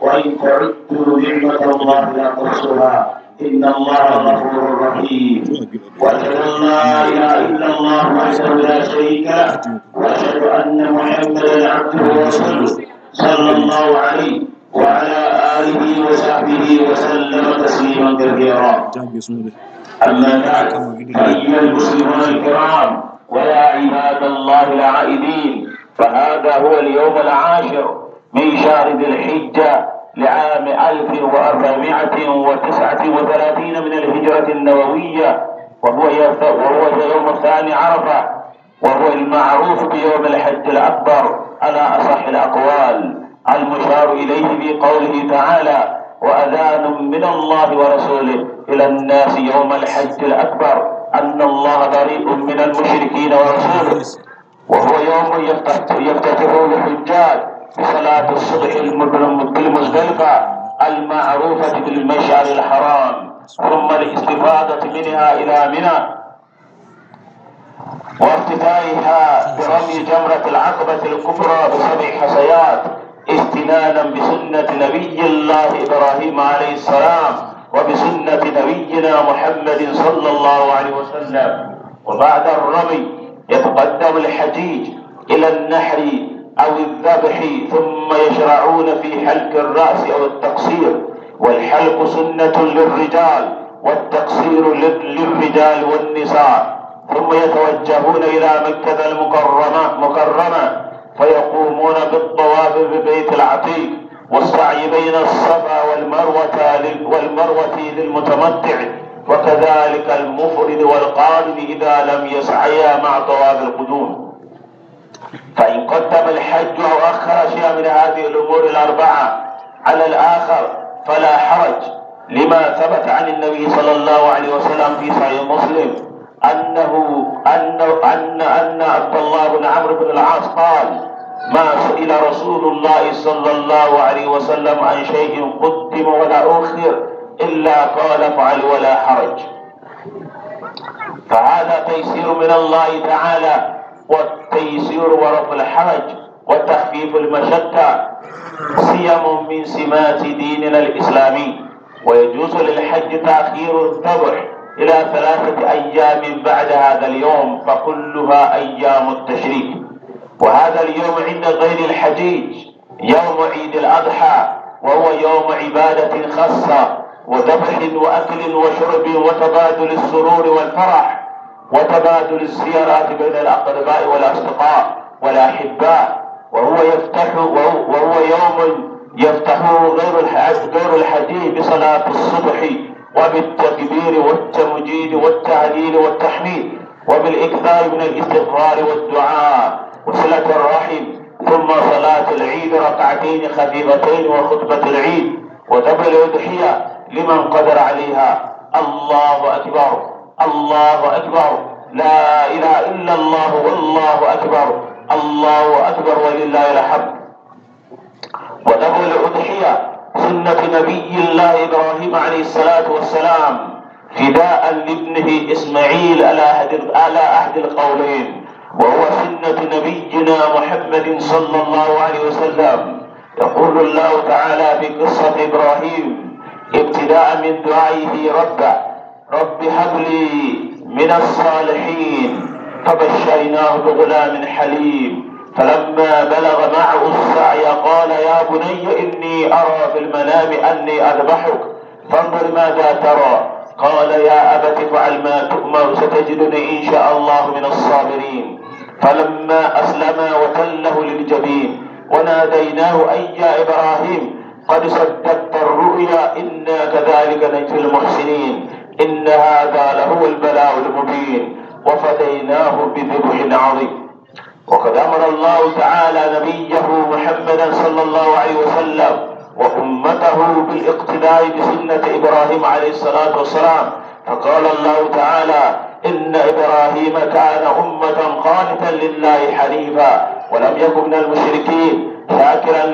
وإن تعدوا نعمة الله لا تحصوها إن الله غفور رحيم وأشهد أن لا إله إلا الله وحده لا شريك له وأشهد أن محمدا عبده ورسوله صلى الله عليه وعلى آله وصحبه وسلم تسليما كثيرا أما بعد فأيها المسلمون الكرام ويا عباد الله العائدين فهذا هو اليوم العاشر من شهر ذي الحجة لعام 1439 من الهجرة النووية وهو وهو يوم ثاني عرفة وهو المعروف بيوم الحج الأكبر على أصح الأقوال المشار إليه في قوله تعالى وأذان من الله ورسوله إلى الناس يوم الحج الأكبر أن الله بريء من المشركين ورسوله وهو يوم يفتح يفتتحه الحجاج صلاة الصبح المزدلفة المعروفة بالمشعر الحرام ثم الاستفادة منها إلى منى وافتتاحها برمي جمرة العقبة الكبرى بسبع حصيات استنادا بسنة نبي الله إبراهيم عليه السلام وبسنة نبينا محمد صلى الله عليه وسلم وبعد الرمي يتقدم الحجيج إلى النحر أو الذبح ثم يشرعون في حلق الرأس أو التقصير والحلق سنة للرجال والتقصير للرجال والنساء ثم يتوجهون إلى مكة المكرمة مكرمة فيقومون بالطواف ببيت العتيق والسعي بين الصفا والمروة والمروة للمتمتع وكذلك المفرد والقادم إذا لم يسعيا مع طواف القدوم فإن قدم الحج أو أخر شيئا من هذه الأمور الأربعة على الآخر فلا حرج لما ثبت عن النبي صلى الله عليه وسلم في صحيح مسلم أنه أن أن أن عبد الله بن عمرو بن العاص قال ما سئل رسول الله صلى الله عليه وسلم عن شيء قدم ولا أخر إلا قال افعل ولا حرج فهذا تيسير من الله تعالى والتيسير ورفع الحرج وتخفيف المشقة سيم من سمات ديننا الإسلامي ويجوز للحج تأخير الذبح إلى ثلاثة أيام بعد هذا اليوم فكلها أيام التشريك وهذا اليوم عند غير الحجيج يوم عيد الأضحى وهو يوم عبادة خاصة وذبح وأكل وشرب وتبادل السرور والفرح وتبادل الزيارات بين الأقرباء والأصدقاء والأحباء وهو يفتح وهو يوم يفتحه غير غير الحديث بصلاة الصبح وبالتكبير والتمجيد والتعليل والتحميد وبالإكثار من الاستغفار والدعاء وصلة الرحم ثم صلاة العيد ركعتين خفيفتين وخطبة العيد وذبح الأضحية لمن قدر عليها الله أكبر الله أكبر لا إله إلا الله والله أكبر الله أكبر ولله الحمد وله الأضحية سنة نبي الله إبراهيم عليه الصلاة والسلام فداء لابنه إسماعيل على أهد القولين وهو سنة نبينا محمد صلى الله عليه وسلم يقول الله تعالى في قصة إبراهيم ابتداء من دعائه ربه رب هب لي من الصالحين فبشرناه بغلام حليم فلما بلغ معه السعي قال يا بني إني أرى في المنام أني أذبحك فانظر ماذا ترى قال يا أبت افعل ما تؤمر ستجدني إن شاء الله من الصابرين فلما أسلما وتله للجبين وناديناه أي يا إبراهيم قد صدقت الرؤيا إنا كذلك نجزي المحسنين إن هذا لهو البلاء المبين وفديناه بذبح عظيم وقد أمر الله تعالى نبيه محمدا صلى الله عليه وسلم وأمته بالاقتداء بسنة إبراهيم عليه الصلاة والسلام فقال الله تعالى إن إبراهيم كان أمة قانتا لله حنيفا ولم يكن من المشركين شاكرا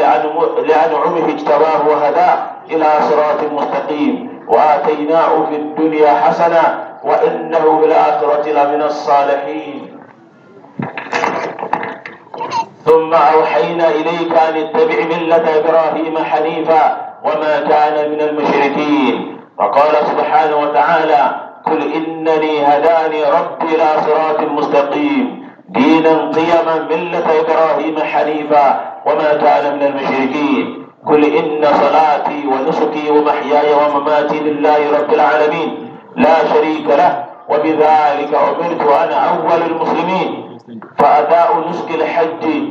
لأنعمه اجتباه وهداه إلى صراط مستقيم وآتيناه في الدنيا حسنة وإنه في الآخرة لمن الصالحين ثم أوحينا إليك أن اتبع ملة إبراهيم حنيفا وما كان من المشركين فقال سبحانه وتعالى قل إنني هداني ربي إلى صراط مستقيم دينا قيما ملة إبراهيم حنيفا وما كان من المشركين قل إن صلاتي ونسكي ومحياي ومماتي لله رب العالمين لا شريك له وبذلك أمرت أنا أول المسلمين فأداء نسك الحج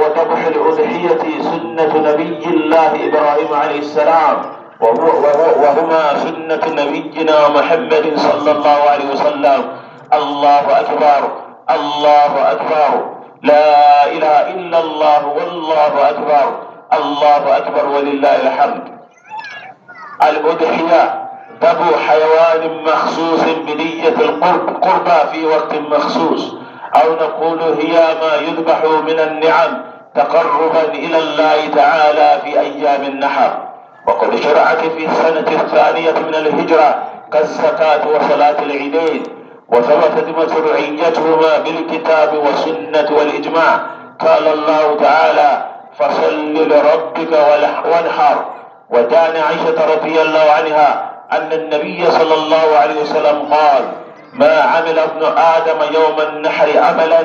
وتبح الأضحية سنة نبي الله إبراهيم عليه السلام وهما سنة نبينا محمد صلى الله عليه وسلم الله أكبر الله أكبر لا إله إلا الله والله أكبر الله أكبر ولله الحمد الأضحية تبو حيوان مخصوص بنية القرب قربى في وقت مخصوص أو نقول هي ما يذبح من النعم تقربا إلى الله تعالى في أيام النحر وقد شرعت في السنة الثانية من الهجرة كالزكاة وصلاة العيدين وثبتت مشروعيتهما بالكتاب والسنة والإجماع قال الله تعالى فصل لربك وانحر وكان عائشة رضي الله عنها أن النبي صلى الله عليه وسلم قال ما عمل ابن آدم يوم النحر عملا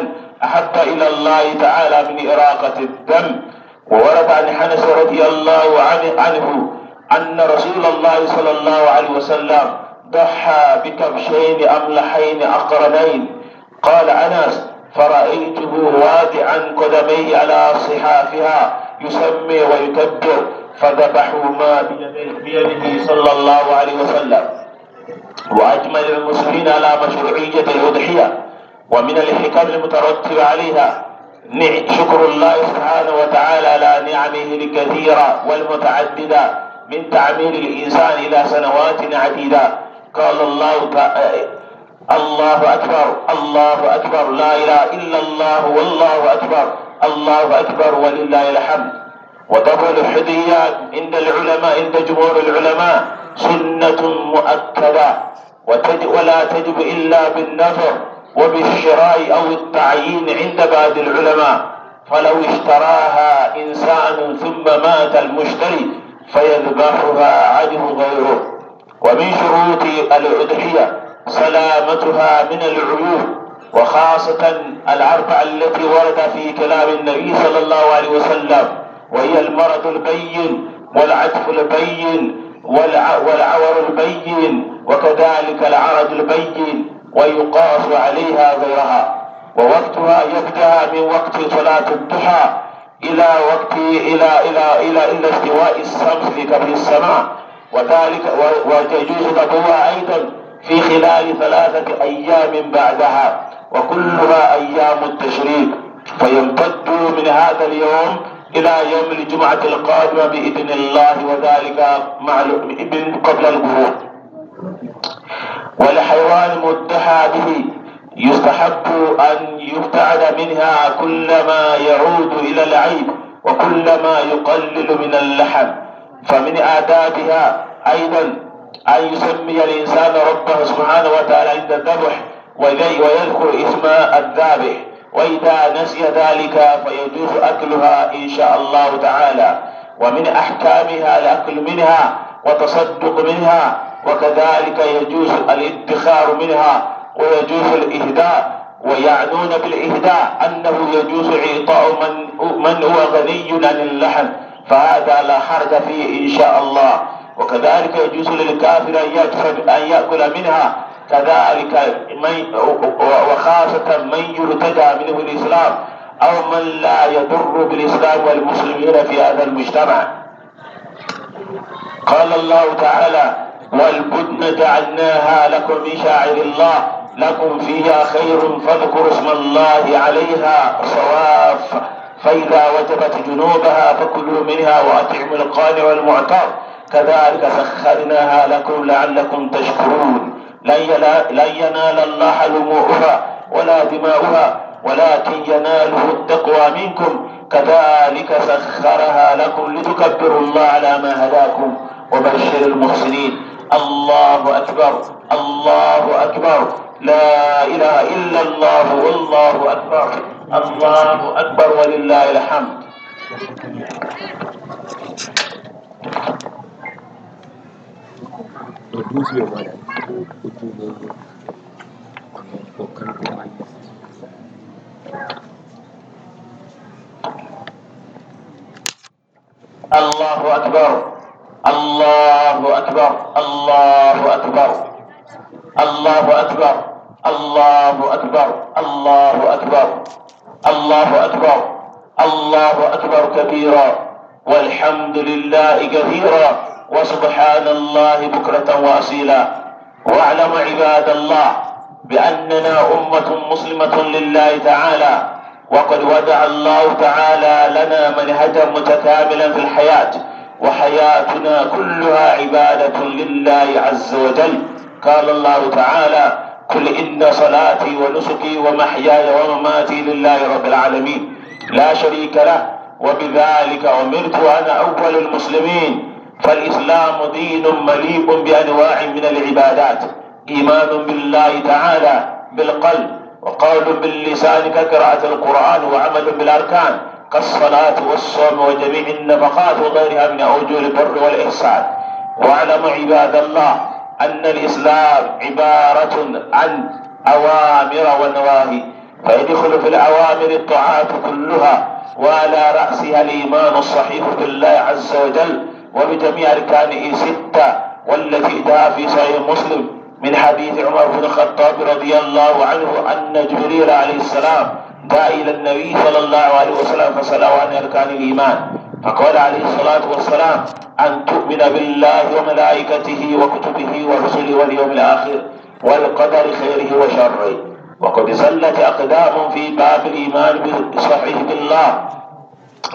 أحب إلى الله تعالى من إراقة الدم وورد عن حنس رضي الله عنه أن رسول الله صلى الله عليه وسلم ضحى بكبشين أملحين أقرنين قال أنس فرأيته واضعا قدمي على صحافها يسمي ويكبر فذبحوا ما بيده صلى الله عليه وسلم وأجمل المسلمين على مشروعية الأضحية ومن الحكم المترتب عليها نعم، شكر الله سبحانه وتعالى على نعمه الكثيرة والمتعددة من تعمير الإنسان إلى سنوات عديدة قال الله تعالى الله أكبر الله أكبر لا إله إلا الله والله أكبر الله أكبر ولله الحمد وطبع الحديات عند العلماء عند جمهور العلماء سنة مؤكدة ولا تجب إلا بالنفر وبالشراء أو التعيين عند بعض العلماء فلو اشتراها إنسان ثم مات المشتري فيذبحها عنه غيره ومن شروط الأضحية سلامتها من العيوب وخاصة الأربعة التي ورد في كلام النبي صلى الله عليه وسلم وهي المرض البين والعطف البين والعور البين وكذلك العرج البين ويقاس عليها غيرها ووقتها يبدأ من وقت صلاة الضحى إلى وقت إلى إلى إلى إلى استواء الشمس في قبل السماء وذلك ويجوز تبوها أيضا في خلال ثلاثة أيام بعدها وكلها أيام التشريق فيمتد من هذا اليوم إلى يوم الجمعة القادمة بإذن الله وذلك مع الإبن قبل الغروب ولحيوان مدحى به يستحب أن يبتعد منها كلما يعود إلى العيب وكلما يقلل من اللحم فمن آدابها أيضا أن يسمي الإنسان ربه سبحانه وتعالى عند الذبح وإليه ويذكر اسم الذابح وإذا نسي ذلك فيجوز أكلها إن شاء الله تعالى ومن أحكامها الأكل منها وتصدق منها وكذلك يجوز الادخار منها ويجوز الإهداء ويعنون بالإهداء أنه يجوز إعطاء من, من هو غني عن اللحم فهذا لا حرج فيه إن شاء الله وكذلك يجوز للكافر أن يكسب أن يأكل منها كذلك من وخاصة من يرتدى منه الإسلام أو من لا يضر بالإسلام والمسلمين في هذا المجتمع قال الله تعالى والبدن جعلناها لكم من شاعر الله لكم فيها خير فاذكروا اسم الله عليها صواف فإذا وجبت جنوبها فكلوا منها وأطعموا القانع والمعتر كذلك سخرناها لكم لعلكم تشكرون لن ينال الله لموعها ولا دماؤها ولكن يناله التقوى منكم كذلك سخرها لكم لتكبروا الله على ما هداكم وبشر المحسنين الله أكبر الله أكبر لا إله إلا الله والله أكبر الله أكبر ولله الحمد le 12 mai voilà, autour de pour الله أكبر الله أكبر الله أكبر الله أكبر الله أكبر الله أكبر الله أكبر الله أكبر كبيرا والحمد لله كثيرا وسبحان الله بكرة وأصيلا واعلم عباد الله بأننا أمة مسلمة لله تعالى وقد ودع الله تعالى لنا منهجا متكاملا في الحياة وحياتنا كلها عبادة لله عز وجل قال الله تعالى قل إن صلاتي ونسكي ومحياي ومماتي لله رب العالمين لا شريك له وبذلك أمرت وأنا أول المسلمين فالإسلام دين مليء بأنواع من العبادات إيمان بالله تعالى بالقلب وقول باللسان كقراءة القرآن وعمل بالأركان كالصلاة والصوم وجميع النفقات وغيرها من أوجه البر والإحسان واعلم عباد الله أن الإسلام عبارة عن أوامر ونواهي فيدخل في الأوامر الطاعات كلها وعلى رأسها الإيمان الصحيح بالله عز وجل وبجميع أركانه ستة والتي جاء في صحيح مسلم من حديث عمر بن الخطاب رضي الله عنه أن جبريل عليه السلام جاء إلى النبي صلى الله عليه وسلم فسأله عن أركان الإيمان فقال عليه الصلاة والسلام أن تؤمن بالله وملائكته وكتبه ورسله واليوم الآخر والقدر خيره وشره وقد زلت أقدام في باب الإيمان بالصحيح بالله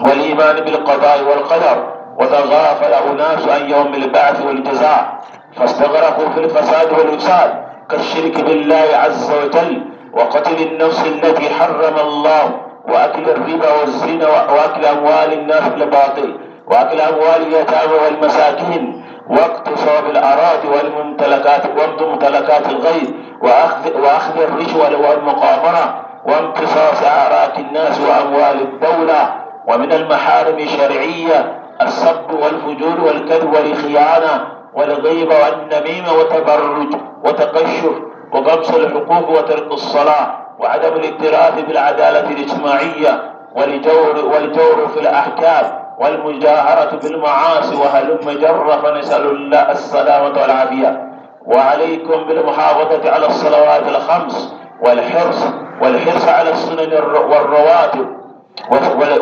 والإيمان بالقضاء والقدر وتغافل أناس عن يوم البعث والجزاء فاستغرقوا في الفساد والوساد كالشرك بالله عز وجل وقتل النفس التي حرم الله وأكل الربا والزنا وأكل أموال الناس بالباطل وأكل أموال اليتامى والمساكين واقتصاب الأراضي والممتلكات ممتلكات الغير وأخذ, وأخذ الرشوة والمقامرة وامتصاص أعراك الناس وأموال الدولة ومن المحارم الشرعية السب والفجور والكذب والخيانة والغيبة والنميمة وتبرج وتقشف وغمس الحقوق وترك الصلاة وعدم الاكتراث بالعدالة الاجتماعية والجور, والجور في الأحكام والمجاهرة بالمعاصي وهلم جرة فنسأل الله السلامة والعافية وعليكم بالمحافظة على الصلوات الخمس والحرص والحرص على السنن والرواتب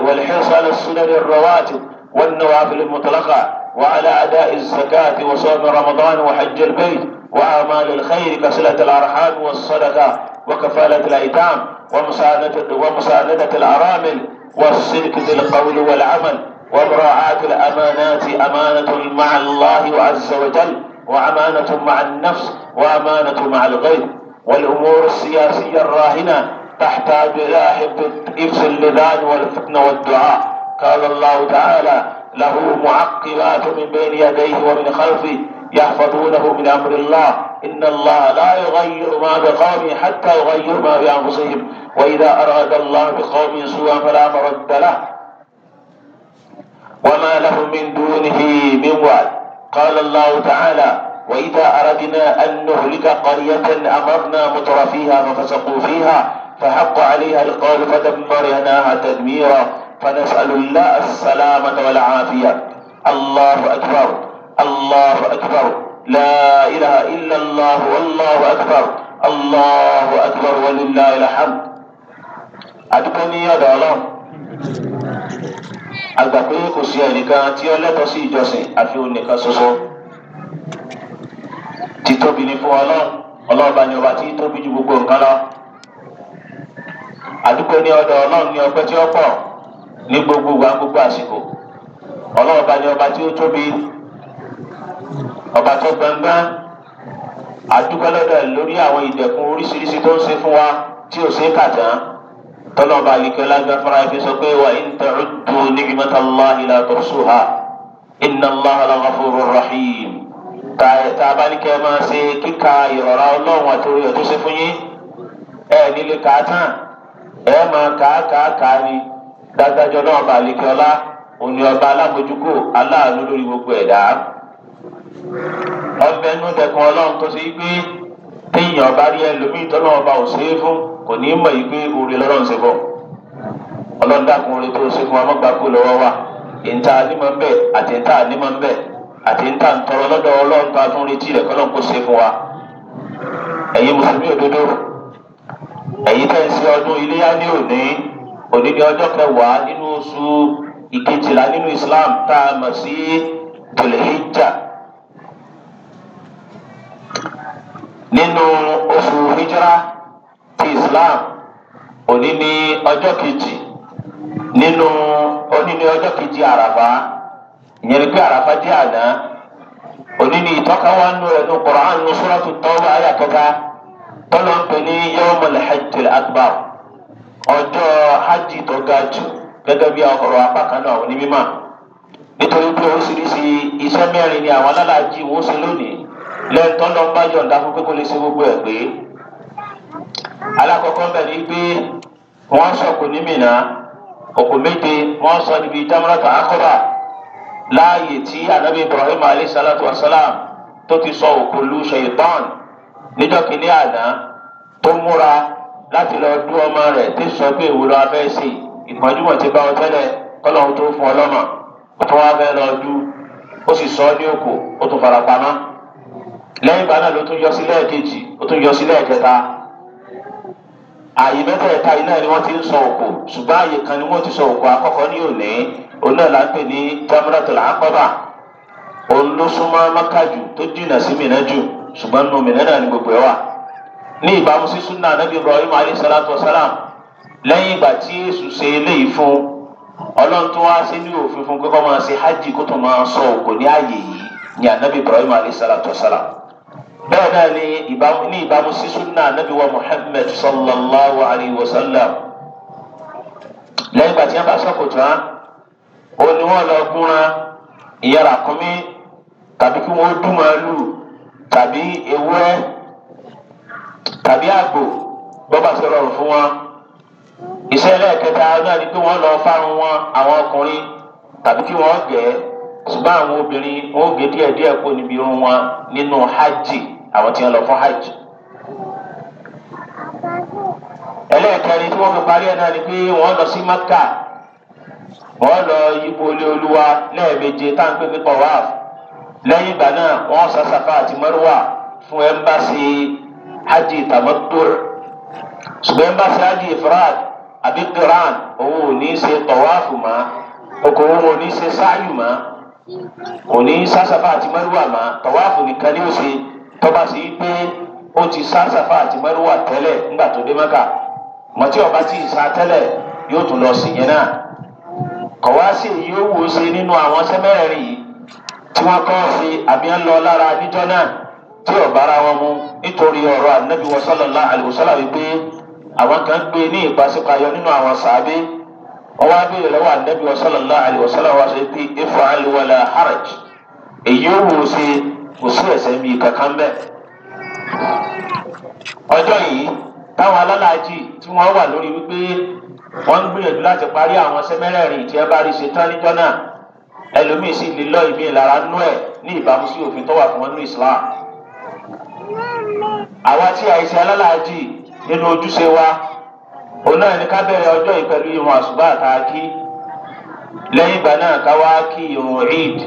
والحرص على السنن الرواتب والنوافل المطلقة وعلى أداء الزكاة وصوم رمضان وحج البيت وأعمال الخير كصلة الأرحام والصدقة وكفالة الأيتام ومساندة, ومساندة الأرامل والصدق بالقول القول والعمل ومراعاة الأمانات أمانة مع الله عز وجل وأمانة مع النفس وأمانة مع الغير والأمور السياسية الراهنة تحتاج إلى حفظ اللذان والفتن والدعاء قال الله تعالى له معقبات من بين يديه ومن خلفه يحفظونه من امر الله ان الله لا يغير ما بقوم حتى يغيروا ما بانفسهم واذا اراد الله بقوم سوءا فلا مرد له وما لهم من دونه من وعد قال الله تعالى واذا اردنا ان نهلك قريه امرنا مترفيها ففسقوا فيها فحق عليها القول فدمرناها تدميرا فنسأل الله السلامة والعافية الله أكبر الله أكبر لا إله إلا الله والله أكبر الله أكبر ولله الحمد أدبني يا دولار àgbà pé kò sí ẹnìkan tí ó lẹ́tọ̀ọ́ sí ìjọsìn àfi òun nìkan ṣoṣo títóbi ni fún ọlọ́run ọlọ́run bá ní ọba tí tóbi ju gbogbo nǹkan lọ àdúgbò ní ọ̀dọ̀ ọlọ́run ní ọpẹ́ tí ó pọ̀ ní gbogbo wa gbogbo àsìkò ọlọ́wọ́ bá ní ọba tí ó tóbi ọba tó gbangba àdúgbọ́lọ́dọ̀ lórí àwọn ìdẹ̀kùn oríṣiríṣi tó ń ṣe fún wa tí ò ṣe é kà tán tọ́lọ́ba àlìkẹ́lá gbàfárá ẹ̀fẹ́ sọ pé wà in ta'uddu ni'matallahi la tuhsuha inna Allaha la ghafurur rahim tá a bá ní kẹ́ ẹ máa ṣe kíka ìrọ̀rá ọlọ́run àti orí tó ṣe fún yín ẹ̀ nílé kàá tán ẹ̀ máa kàá kàá kàá ni dájájọ́ náà bá àlekè ọlá òní ọba alábòjúkò aláàánú lórí gbogbo ẹ̀dá. ọbẹ̀ inú dẹkun ọlọ́run tó ṣe é gbé téèyàn bá rí ẹlòmíì tọ́lọ́ ọba ò ṣe é fún kò ní í mọ̀ yìí pé oore lọ́rùn ṣe bọ̀. ọlọ́run dákun oore tó ṣe fún wa mọ́gbà kó lọ́wọ́ wa ìta nímọ̀ ń bẹ̀ àti ìta nímọ̀ ń bẹ̀ àti ìta ń tọrọ lọ́dọ̀ ọlọ́run tó a tún retí rẹ̀ kọ́lọ́n kó ṣe fún wa. ẹ̀yin òní ní ọjọ́ kẹwàá nínú oṣù ìkejìlá nínú Islam tá a mọ̀ sí tòlẹ́hìjà nínú oṣù hijra ti Islam òní ní ọjọ́ kejì nínú òní ní ọjọ́ kejì àràfà ìyẹn ni pé àràfà jẹ́ àná òní ní ìtọ́ka wa nù rẹ̀ ní Qur'an nù Suratu Tawbah àyà kẹta tọ́lọ́ ń pè ní yawmul hajjil ọjọ́ hajj tó ga jù gẹ́gẹ́ bí ọ̀rọ̀ apá kan náà àwọn onímọ̀ nítorí pé oríṣiríṣi iṣẹ́ mẹ́rin ni àwọn alálàájì wọ́n ṣe lónìí lẹ́ẹ̀tọ́ lọ bá yọ̀ǹda fún pé kó lè ṣe gbogbo ẹ̀ pé alákọ̀ọ́kọ́ bẹ̀ ni pé wọ́n sọ̀kò ní Mínà òkú méje wọ́n sọ níbi Jamratu Akaba láàyè tí anabi Ibrahim alayhi salatu wa salam tó ti sọ òkú lu Ṣaitan níjọ́ kìíní àná tó múra láti lọ dún ọmọ rẹ̀ tí sọ pé ìwúlò abẹ́sì ìpọ́njúmọ̀ ti bá ọ tẹ́lẹ̀ kọ́lọ́hún tó fún ọlọ́mọ ó tún wá fẹ́ lọ dú ó sì sọ ọ́ ní òkò ó tún fara pamọ́ lẹ́yìn ìgbà náà ló tún yọ sí lẹ́ẹ̀kejì ó tún yọ sí lẹ́ẹ̀kẹta ààyè mẹ́tẹ̀ẹ̀ta yìí náà ni wọ́n ti ń sọ òkò ṣùgbọ́n ààyè kan ni wọ́n ti sọ òkò àkọ́kọ́ ní òní òun náà là ń pè ní jamratul akọ́bà òun ló súnmọ́ mọ́kàjù tó jìnnà sí mìíràn jù ṣùgbọ́n nù mìíràn náà ni gbogbo ẹ̀ wà ní ìbámu sí súnà anábì ibrahim alayhi salatu wa salam lẹ́yìn ìgbà tí èṣù ṣe eléyìí fún ọlọ́run tó wá sí ní òfin fún kókó máa ṣe hajj kó tó máa sọ òkò ní ààyè yìí ní anábì ibrahim alayhi salatu wa salam bẹ́ẹ̀ náà ni ní ìbámu sí súnà anábì wa muhammad sallallahu alayhi wa sallam lẹ́yìn ìgbà tí wọ́n bá sọ̀kò tán ó ní wọ́n lọ gúnra ìyára kúnmí tàbí kí wọ́n dùn màálù tàbí ewúrẹ́ tàbí àgbò bọ́bà sí rọrùn fún wọn. iṣẹ́ ẹlẹ́ẹ̀kẹta náà ni pé wọ́n lọ fárun wọn àwọn ọkùnrin tàbí kí wọ́n gẹ̀ ẹ́ e. ṣùgbọ́n àwọn obìnrin wọn ó gé díẹ̀ díẹ̀ kó níbi irun wọn nínú hajj àwọn tí wọ́n lọ fún hajj. ẹlẹ́ẹ̀kẹrin tí wọ́n fi parí ẹ̀ náà ni pé wọ́n lọ sí maka wọ́n lọ yípo ilé olúwa lẹ́ẹ̀meje táǹpé pípọ̀ wá lẹ́yìn ìgbà náà wọ́n sàṣàfà àti mọ́rúwà fún ẹ́mbáṣí ájì tàmọ́tòrò ṣùgbọ́n ẹ̀ ń bá ṣe ájì ifrad àbí qiran òun ò ní í ṣe tọ̀wáàfù mọ́ ọkọ̀ òun ò ní í ṣe sáàyù mọ́ ò ní í sáṣàfà àti mẹ́rùwà mọ́ tọ̀wáàfù nìkan ni ó ṣe tọ́ba sí í pé ó ti sáṣàfà àti mẹ́rùwà tẹ́lẹ̀ nígbà tó dé mẹ́kà mọ̀tí ọba tí ì sá tẹ́lẹ̀ yóò tún lọ sí yẹn náà kọ̀wá sí wò ó ṣe nínú àwọn sẹ́mẹ́rẹ̀ẹ́rì yìí tí wọ́n kọ́ ṣe àbí ń lọ lára níjọ́ náà tí ọba ara wọn mu nítorí ọ̀rọ̀ anabi wa sallallahu alayhi wa sallam wípé àwọn kan gbé ní ìpàsípàyọ nínú àwọn sàábé wọn wá béèrè lọ́wọ́ anabi wa sallallahu alayhi wa sallam wá sọ pé ifá aliwala haraj èyí ó wò ó ṣe kò sí ẹ̀ṣẹ̀ mi kankan bẹ ọjọ́ yìí táwọn alálàájì tí wọn wà lórí wípé wọn ń gbìyànjú láti parí àwọn sẹmẹrẹẹrin tí ẹ bá rí ṣe tán níjọ náà ẹlòmíín sì lè lọ ìmí ìlara nú ẹ ní ìbámu sí òfin tó wà fún wọn àwa tí a ṣe alálàájì nínú ojúṣe wa òun náà ní ká bẹ̀rẹ̀ ọjọ́ yìí pẹ̀lú ìrun àṣùbà tá lẹ́yìn ìgbà náà ká wá kí ìrun eid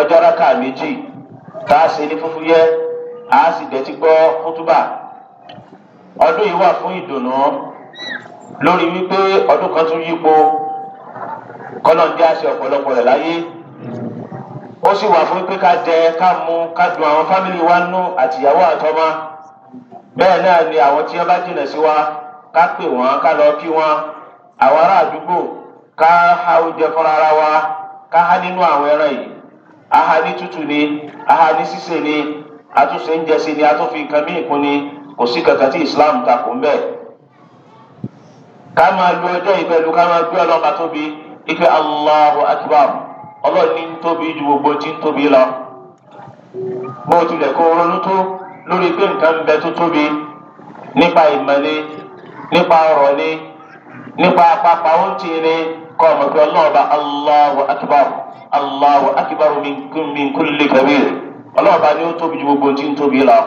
ọjọ́ rákà méjì tá a ṣe ní fúfúyẹ́ a sì dẹ̀tí gbọ́ kútúbà ọdún yìí wà fún ìdùnnú lórí wípé ọdún kan tún yípo kọ́nà ń dé àṣẹ ọ̀pọ̀lọpọ̀ rẹ̀ láyé. ó sì wà fún pé ká jẹ ká mu ká dùn àwọn fámìlì wa nú àtìyàwó àtọmọ bẹ́ẹ̀ náà ni àwọn tí wọ́n bá jìnà sí wa ká pè wọ́n ká lọ kí wọ́n àwọn ará àdúgbò ká ha oúnjẹ fúnra ara wa ká há nínú àwọn ẹran yìí aha ní tútù ni aha ní sísè ni àtúnṣe ń jẹsẹ ni àtúnfi nǹkan míì kún ni kò sí kankan tí Islam takò ń bẹ ká máa lu ọjọ́ ìbẹ̀lú ká máa gbé ọlọ́ba tóbi ike Allahu Akbar. ọlọ́run ntobi ń ju gbogbo tí ń tóbi lọ bó tilẹ̀ kó ronú tó lórí pé nǹkan bẹ tó tóbi nípa ìmọ̀lẹ́ nípa ọ̀rọ̀ ni nípa apapa ó ń tì ní kọ́ pé min kulli kabir ọlọ́run bá gbogbo tí ń tóbi lọ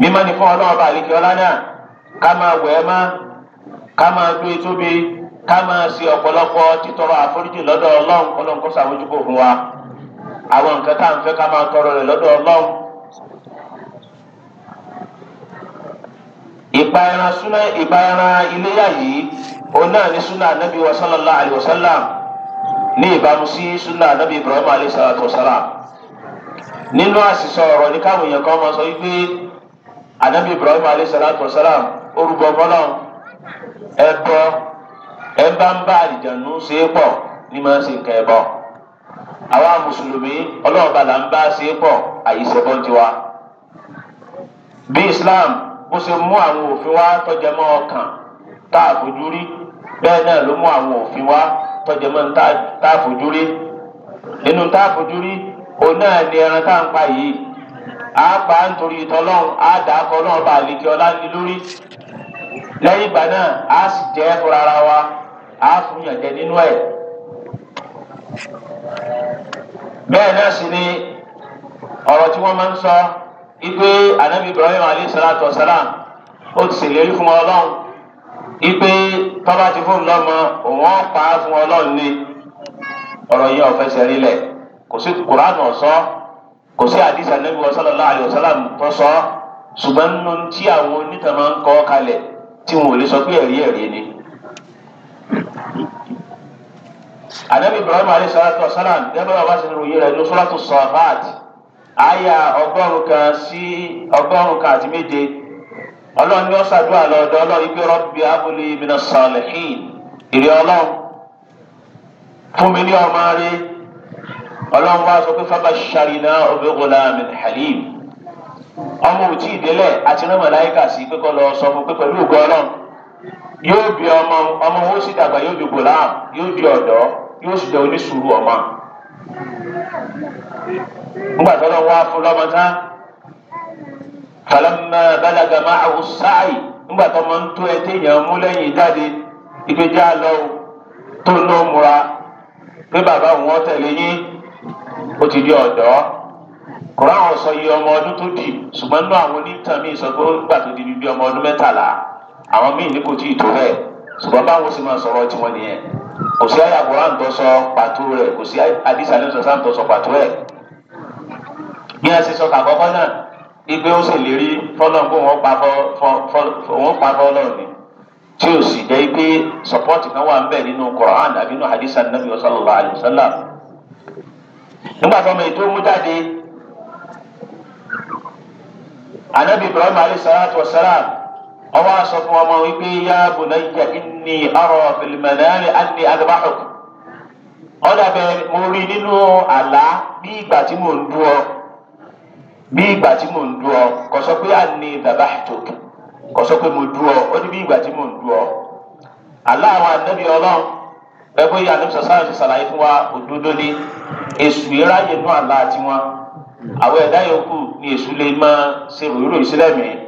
ni fún ọlọ́run àlekè ọlá náà má ká gbé e tóbi. ká máa ṣe ọ̀pọ̀lọpọ̀ títọrọ àforíjì lọ́dọ̀ ọlọ́run ọlọ́run kó ṣàmójúkò fún wa àwọn nǹkan tá à ń fẹ́ ká máa tọrọ rẹ̀ lọ́dọ̀ ọlọ́run. ìpa ẹran súná ìpa ẹran iléyà yìí òun náà ní súná anábì wa sallallahu alayhi wa sallam ní ìbámu sí súná anábì ibrahim alayhi salatu wa sallam nínú àṣìṣe ọ̀rọ̀ ní káwọn èèyàn kan máa sọ wípé anábì ibrahim alayhi salatu wa sallam orúbọ bọ́lá ẹ bá ń bá àlìjànú ṣe é pọ̀ ní máa ń ṣe nǹkan ẹbọ àwa mùsùlùmí ọlọ́ọ̀bá là ń bá ṣe é pọ̀ àyíṣẹ́bọ́ tiwa bí Islam bó ṣe mú àwọn òfin wá tọ́jẹmọ́ ọkàn tá a fojú rí bẹ́ẹ̀ náà ló mú àwọn òfin wá tọ́jẹmọ́ tá a fojú rí nínú tá a fojú rí òun náà ni ẹran tá à ń pa yìí a pa nítorí ìtọ́lọ́run a dà á kọ́ náà bá àlekè ọlá ní lórí lẹ́yìn ìgbà náà a sì jẹ́ fúnra wa àásùn yànjẹ nínú ẹ̀. bẹ́ẹ̀ náà sì ni ọ̀rọ̀ tí wọ́n máa ń sọ ipe anabi ibrahim alayhi salatu wa salam ó ti ṣèlérí fún ọlọ́run ipe tọ́ba ti fún lọ́mọ òun pa á fún ọlọ́run ni ọ̀rọ̀ yẹn ọ̀fẹ́ sẹ́rí lẹ̀ kò sí kùránù ọ̀sọ́ kò sí àdìsí anabi wa sallallahu alayhi wa sallam tó sọ ṣùgbọ́n nínú tí àwọn onítàn máa ń kọ́ kalẹ̀ tí wọn ò lè sọ pé ẹ̀rí ẹ̀rí ni. anabi ibrahim alayhi salatu wa salam gẹ́gẹ́ bá wà sí nínú yẹrẹ ní sọ́látù sọ̀fàt àyà ọgọ́rùn kan sí ọgọ́rùn kan àti méje ọlọ́run ni wọ́n ṣàdúrà lọ́dọ̀ ọlọ́run ibi rabbi abúlé mina salihin ìrẹ́ ọlọ́run fún mi ní ọmọ rẹ ọlọ́run wá sọ pé fábà ṣàrìnà òbí gòlámì halim ọmọ òtí ìdílẹ̀ àti rẹ́ màláíkà sí pé lọ sọ fún pé pẹ̀lú ògo yóò bí ọmọ ọmọ wọn ó sì dàgbà yóò di gòlámù yóò di ọ̀dọ́ yóò sì jẹ onísùúrù ọmọ nígbà tó lọ wá fún lọmọ tán falamma balaga ma'ahu as-sa'i nígbà tó máa ń tó ẹ téèyàn mú lẹ́yìn jáde ìgbéjà lọ tó ń lọ múra pé bàbá òun tẹ̀lé yín ó ti di ọ̀dọ́ kùráwọn sọ iye ọmọ ọdún tó di ṣùgbọ́n nínú àwọn onítàn míì sọ pé ó gbà tó di bíbí ọmọ ọdún mẹ́tàlá àwọn míì ní kò tí ì tó bẹ́ẹ̀ ṣùgbọ́n báwo sì máa sọ̀rọ̀ tiwọn nìyẹn kò sí àyà Quran tó sọ pàtó rẹ̀ kò sí àdìsá ní sọ sáà tó sọ pàtó rẹ̀ bí a ṣe sọ kàkọ́kọ́ náà ibi ó sì lérí fọlọ́n kó wọ́n pa fọlọ́n ni tí o sì jẹ́ pé sọpọ́tì kan wà ń bẹ nínú Quran àbí nínú hadisa nabi sallallahu alayhi wa sallam nígbà tó ọmọ ètò mú jáde anabi Ibrahim alayhi salatu wa salam ọwọ́ aṣọ fún ọmọ wípé yá bunayya inni ara fil manami anni adbahuk ọ̀dàbẹ̀ mo rí nínú àlá bí ìgbà tí mò ń dú ọ bí ìgbà tí mò ń dú ọ kò sọ pé anni dabahtuk kò sọ pé mo dú ọ ó ní bí ìgbà tí mò ń dú ọ àlá àwọn ànábì ọlọ́run ẹgbẹ́ yìí ànábì sàṣà àti sàlàyé fún wa òdodo ni èṣù ìráyè nú àlá tiwọn àwọn ẹ̀dá yòókù ni èṣù lè máa ṣe ròyìnròyìn sílẹ̀ mìíràn.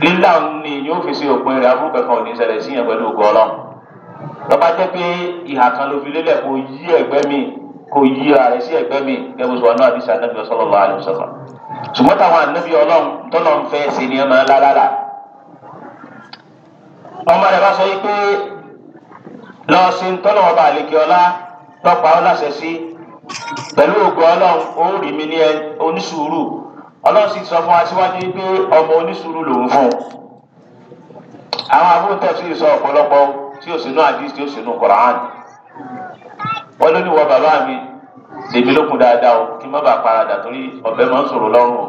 lílà ni yóò fi ṣe òpin rẹ̀ abúlé kankan ò ní ṣẹlẹ̀ sí yẹn pẹ̀lú ògùn ọlọ́run tọ́ba jẹ́ pé ìhà kan ló fi lélẹ̀ kó yí ẹ̀gbẹ́ mi kó yí ààrẹ sí ẹ̀gbẹ́ mi gẹ́gẹ́ sọ náà àdìsí anábì sallallahu alaihi wasallam ṣùgbọ́n táwọn anábì ọlọ́run tọ́nà ń fẹ́ ṣe ni ọmọ ńlá lára ọmọ rẹ̀ bá sọ yí pé lọ́ọ́ sí tọ́nà ọba àlekè ọlá tọ́pa ọlá ṣẹ̀ sí pẹ̀lú ògùn ọlọ́run ó rí mi ní onísùúrù ọlọ́run sì sọ fún aṣíwájú pé ọmọ onísùúrù lòun fún un àwọn abúntẹ̀ sì sọ ọ̀pọ̀lọpọ̀ tí ò sínú àdìs tí ò sínú koran wọn ló ní wọ bàbá mi lèmi ló kún dáadáa o kí n má bàa paradà torí ọ̀bẹ máa ń sọ̀rọ̀ lọ́rùn o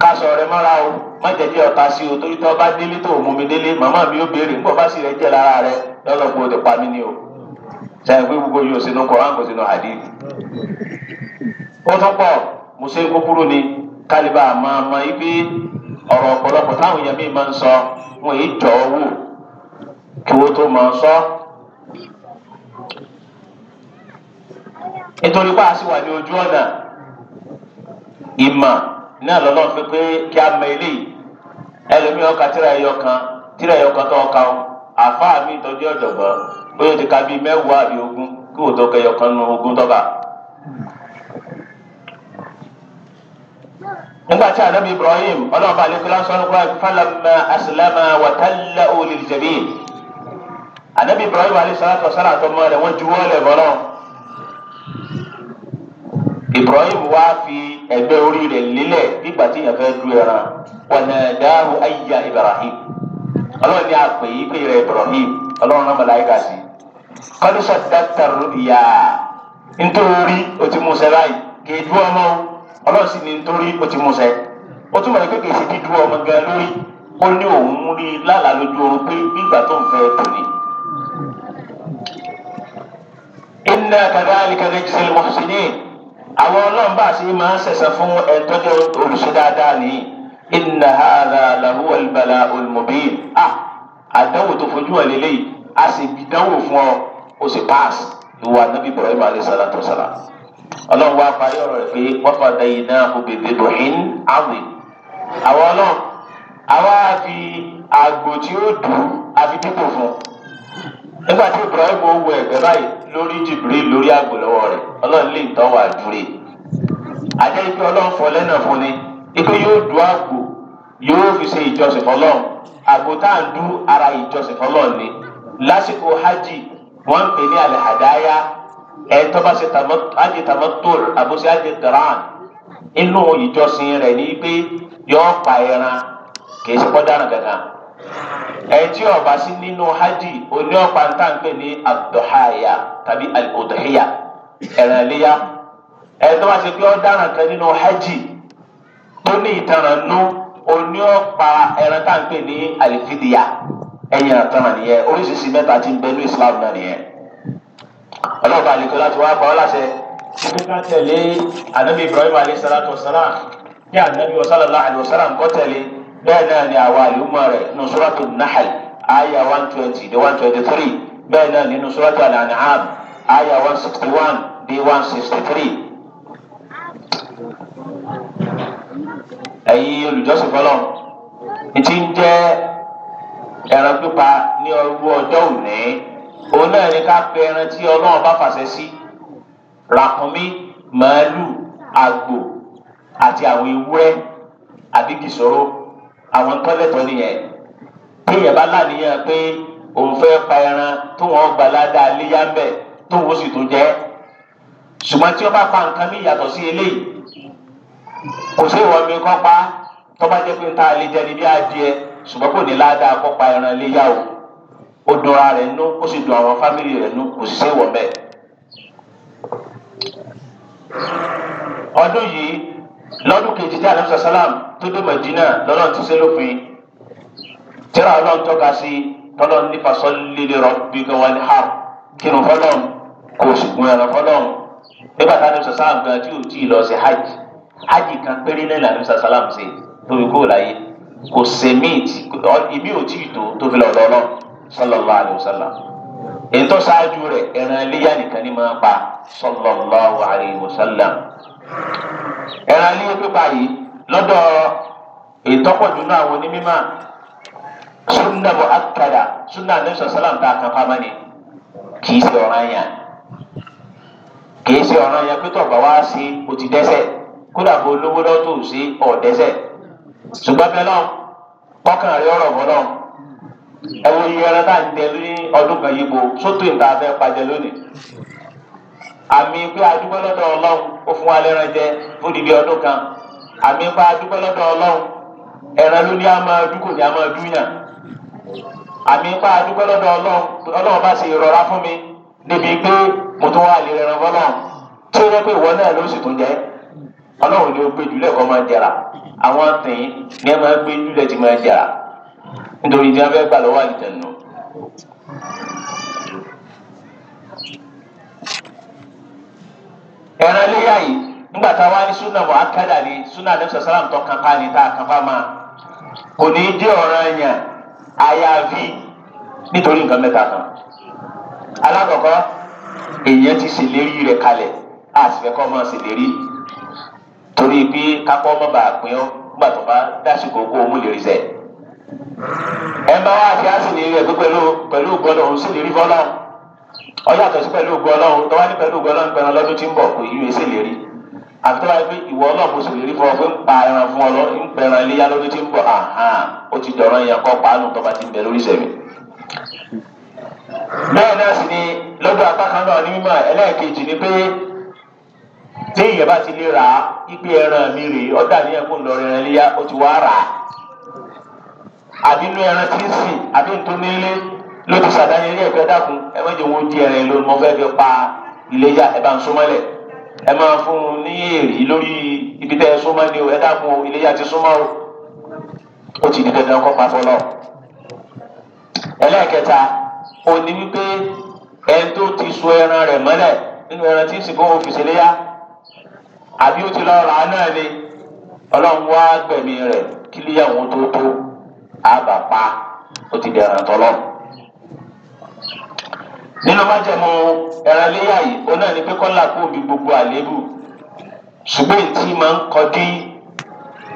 ká sọ̀rọ̀ rẹ mọ́ra o má jẹ́ jẹ́ ọ̀tá sí o torí tó bá délé tó mú mi délé màmá mi ó béèrè ń bọ̀ bá sì rẹ jẹ́ lára rẹ lọ́sọ̀gbọ́n o ti pa mí ni o sẹ́yìn pé gbogbo yóò sínú koran kò sínú àdìs ó tún pọ̀ musa kúkúrú ni kálíbà máa ma ibi ọ̀rọ̀ ọ̀pọ̀lọpọ̀ táwọn èèyàn míì máa ń sọ wọn èyí jọ ọ wò kí wọ́n tó máa sọ. nítorí pé a sì wà ní ojú ọ̀nà ìmọ̀ náà lọ́lọ́ fi pé kí a mọ eléyìí ẹlòmíì ọkà tíra ẹyọ kan tíra ẹyọ kan tó ọkà o àfáà mi ìtọ́jú ọ̀jọ̀gbọ́n bóyá o ti ka bíi mẹ́wàá àbí ogún kí wò kẹyọ kan nu ogún tọ́ba. nígbà tí ànábì ibrahim ọlọ́run bá alekun lásán ní kúrò falamma aslama wa tallahu lil jabin ànábì ibrahim alayisalaatu wasalaam tó mọ́ rẹ̀ wọ́n ju wọ́ọ̀lẹ̀ mọ́rọ́ ibrahim wá fi ẹgbẹ́ orí rẹ̀ lélẹ̀ nígbà tí yẹn fẹ́ du ẹran wọn nadahu ayya ibrahim ọlọ́run ní àpè yìí pé rẹ̀ ibrahim ọlọ́run náà mọ̀láyíká sí kọ́dúsọ̀ dátà rúbìyà nítorí o ti mú sẹ́láì ọmọ o ọlọ́run sì ní torí ó ti mú sẹ ó túmọ̀ ní pé kìí ṣe dídú ọmọ gan lórí ó ní òun rí lálàá lójú oorun pé bí ìgbà tó ń fẹ́ kù ni. inna kadhalika najzil muhsinin àwọn ọlọ́run bá ṣe máa ń ṣẹ̀san fún ẹ̀ńtọ́jọ́ olùṣe dáadáa nìyí inna hadha lahuwal bala'ul mubin ah àdánwò tó fojú wà lélẹ́yìí a sì bìdánwò fún ọ o sì pass ìwà nàbí Ibrahim alayhi salatu wa salam ọlọ́run wá parí ọ̀rọ̀ rẹ̀ pé wọ́pọ̀ dẹ̀yìn náà obìnrin bòhín àwìn àwọn ọlọ́run àwa fi àgbò tí ó dùn àfi dípò fún nígbà tí Ibrahim wọ ẹ̀gbẹ́ báyìí lórí Jibril lórí àgbò lọ́wọ́ rẹ̀ ọlọ́run lè tọ́ wà dúré àjẹ́ ife ọlọ́run fọ lẹ́nà fún ni ife yóò dùn àgbò yóò fi ṣe ìjọsìn fọlọ́run àgbò tá à ń dú ara ìjọsìn fọlọ́run ni lásìkò hajj wọ́n ń pè ní alẹ́ àdáyá ẹ tọ́ba ṣe ájì tamatol àbúṣe ájì dran inú ìjọsìn rẹ̀ ní pé yọ pa ẹran kì í ṣe kọ́ dára kankan ẹ tí ọba sí nínú hajj oní ọ̀pá ń tàn pé ní adọ̀háyà tàbí alòdòhíyà ẹran iléyà ẹ tọ́ba ṣe pé ọ dára kan nínú hajj tó ní ìtanràn nú oní ọ̀pá ẹran tàn ní alìfídíà ẹ̀yìn àtàrà nìyẹn oríṣiríṣi mẹ́ta ti ń bẹ ní Islam náà nìyẹn ọlọ́ọ̀bá àlejò láti wá pa ọ́ láṣẹ títí ká tẹ̀lé anabi ibrahim alayhi salatu wasalam kí anabi sallallahu alayhi wasalam kọ́ tẹ̀lé bẹ́ẹ̀ náà ni àwa àlùmọ̀ rẹ̀ nù suratu nahl aya one twenty dé one twenty three bẹ́ẹ̀ náà nínú suratu al-an'am aya one sixty one dé one sixty three. ẹ̀yin olùjọ́sìn fọlọ́ ti ń jẹ́ ẹran pípa ní ọwọ́ ọjọ́ òní òun náà ni ká pe ẹran tí ọlọ́run bá fàṣẹ sí ràkúnmí màálù àgbò àti àwọn ewúrẹ́ àbí kìsòrò àwọn nǹkan lẹ́tọ̀ọ́ nìyẹn téèyàn bá láníyàn pé òun fẹ́ pa ẹran tó wọn gbà ládàá léyà ń bẹ̀ tó wọn sì tó jẹ́ ṣùgbọ́n tí wọ́n bá pa nǹkan mí yàtọ̀ sí eléyìí kò sí ìwọ mi kọ́ pa tó bá jẹ́ pé ń ta àlejò ẹni bí adìẹ ṣùgbọ́n kò ní ládàá kọ́ pa ẹran léyà o ó dùnra rẹ̀ nú ó sì dùn àwọn fámìlì rẹ̀ nú kò sí wọ̀ bẹ́ẹ̀. ọdún yìí lọ́dún kejì tí alayhi salam tó dé Madina lọ́nà tí sẹ́lófin tíra ọlọ́run tọ́ka sí tọ́lọ́run ní fasalli li rabbika wanhar kírun fọlọ́run kò sì gun ẹ̀rọ fọlọ́run nígbà tí alayhi salam gan tí ò tí ì lọ sí hajj hajj kan péré náà alayhi salam ṣe tóbi kó láyé kò sèmíìtì ìmí ò tí ì tó tó fi lọ́dọ̀ ọlọ́run sallallahu alayhi wa sallam ètò ṣáájú rẹ̀ ẹran iléyà nìkan ni máa pa sallallahu alayhi wa sallam ẹran iléyà pípa yìí lọ́dọ̀ ìtọ́pọ̀jù náà àwọn onímọ̀ sunna bu akada sunna anabi sallam ta kan fama ni kì í ṣe ọ̀ràn yẹn kì ṣe ọ̀ràn yẹn pé tọ̀gbà wá sí o ti dẹ́sẹ̀ kódà bó lówó lọ́tò sí ọ̀dẹ́sẹ̀ ṣùgbọ́n bẹ́ẹ̀ kọ́kàn rí ọ̀rọ̀ mọ́ ẹ wo iye ẹran tá à ń jẹ ní ọdún kan yìí bo sótò ìta abẹ́ pàjẹ lónìí àmì pé adúgbò lọ́dọ̀ ọlọ́run ó fún wa lẹ́ran jẹ fún ìdílé ọdún kan àmì pé adúgbò lọ́dọ̀ ọlọ́run ẹran ló ní a máa dúkò ní a máa dúnyàn àmì pé adúgbò lọ́dọ̀ ọlọ́run bá ṣe ìrọ̀rá fún mi níbi pé mo tún wà lè rẹran fọlọ́ tí ó yẹ pé ìwọ náà ló sì tún jẹ ọlọ́run ni ó gbé jùlẹ̀ kọ́ máa jẹrà àwọn tìǹ ní ẹ máa gbé jùlẹ̀ ti máa jẹrà. nítorí abeg a fẹ́ ẹran iléyà yìí nígbà tá ní suna wà á kádà ní tó ni tá a kan pa máa kò ní í dé ti ṣèlérí rẹ̀ kalẹ̀ a sì fẹ́ kọ́ ṣèlérí torí pé kápọ́ mọ́ bàa pín ọ́ nígbà tó bá ẹ bá wá àti àsìlè rẹ̀ pé pẹ̀lú pẹ̀lú ògbọ́lọ̀ òun sì lè rí fọ́lọ́ ọjọ́ àtọ̀sí pẹ̀lú ògbọ́lọ̀ tó wá ní pẹ̀lú ògbọ́lọ̀ ń pẹ̀lú ọlọ́dún tí ń bọ̀ kò yí èsì lè rí àti tó wá pé ìwọ ọlọ́mọ sì lè rí fọ́ pé ń pa ẹran fún ọlọ́ ń pa ẹran iléyà lọ́dún tí ń bọ̀ àhán ó ti dọ̀rọ̀ yẹn kọ́ paánu tó bá ti bẹ̀ lórí sẹ̀mí. bẹ́ẹ̀ náà sì ni lọ́dọ̀ apákan náà ní mímọ́ ẹlẹ́ẹ̀kejì ni pé tí ìyẹn bá ti lè rà ipe ẹran mi rèé ọ̀dà àbí inú ẹran tí ń sìn àbí ntò nílé ló ti sàdáyé ilé ẹ̀fẹ́ dákun ẹ má jẹ́ wọn ó di ẹran ìlú mo fẹ́ fi pa iléyà ẹ bá ń sún mọ́lẹ̀ ẹ máa fún un ní èrè lórí ibi tẹ́ ẹ sún mọ́ ni o ẹ dákun iléyà ti sún mọ́ o ó ti di dandan kọ́ pàfọ́ lọ. ẹlẹ́ẹ̀kẹta ó ní wípé ẹni tó ti so ẹran rẹ̀ mọ́lẹ̀ nínú ẹran tí ń sìn kó o fi ṣèléyà àbí ó ti lọ rà á náà ni ọlọ́run wá gbẹ̀mí rẹ̀ kílíyàwó tó tó àbà pa o ti di ẹran tọ́lọ́. nínú májẹ̀mú ẹran léyà yìí ó náà ní pé kọ́lá kó omi gbogbo àléébù ṣùgbọ́n ètí máa ń kọ́ dé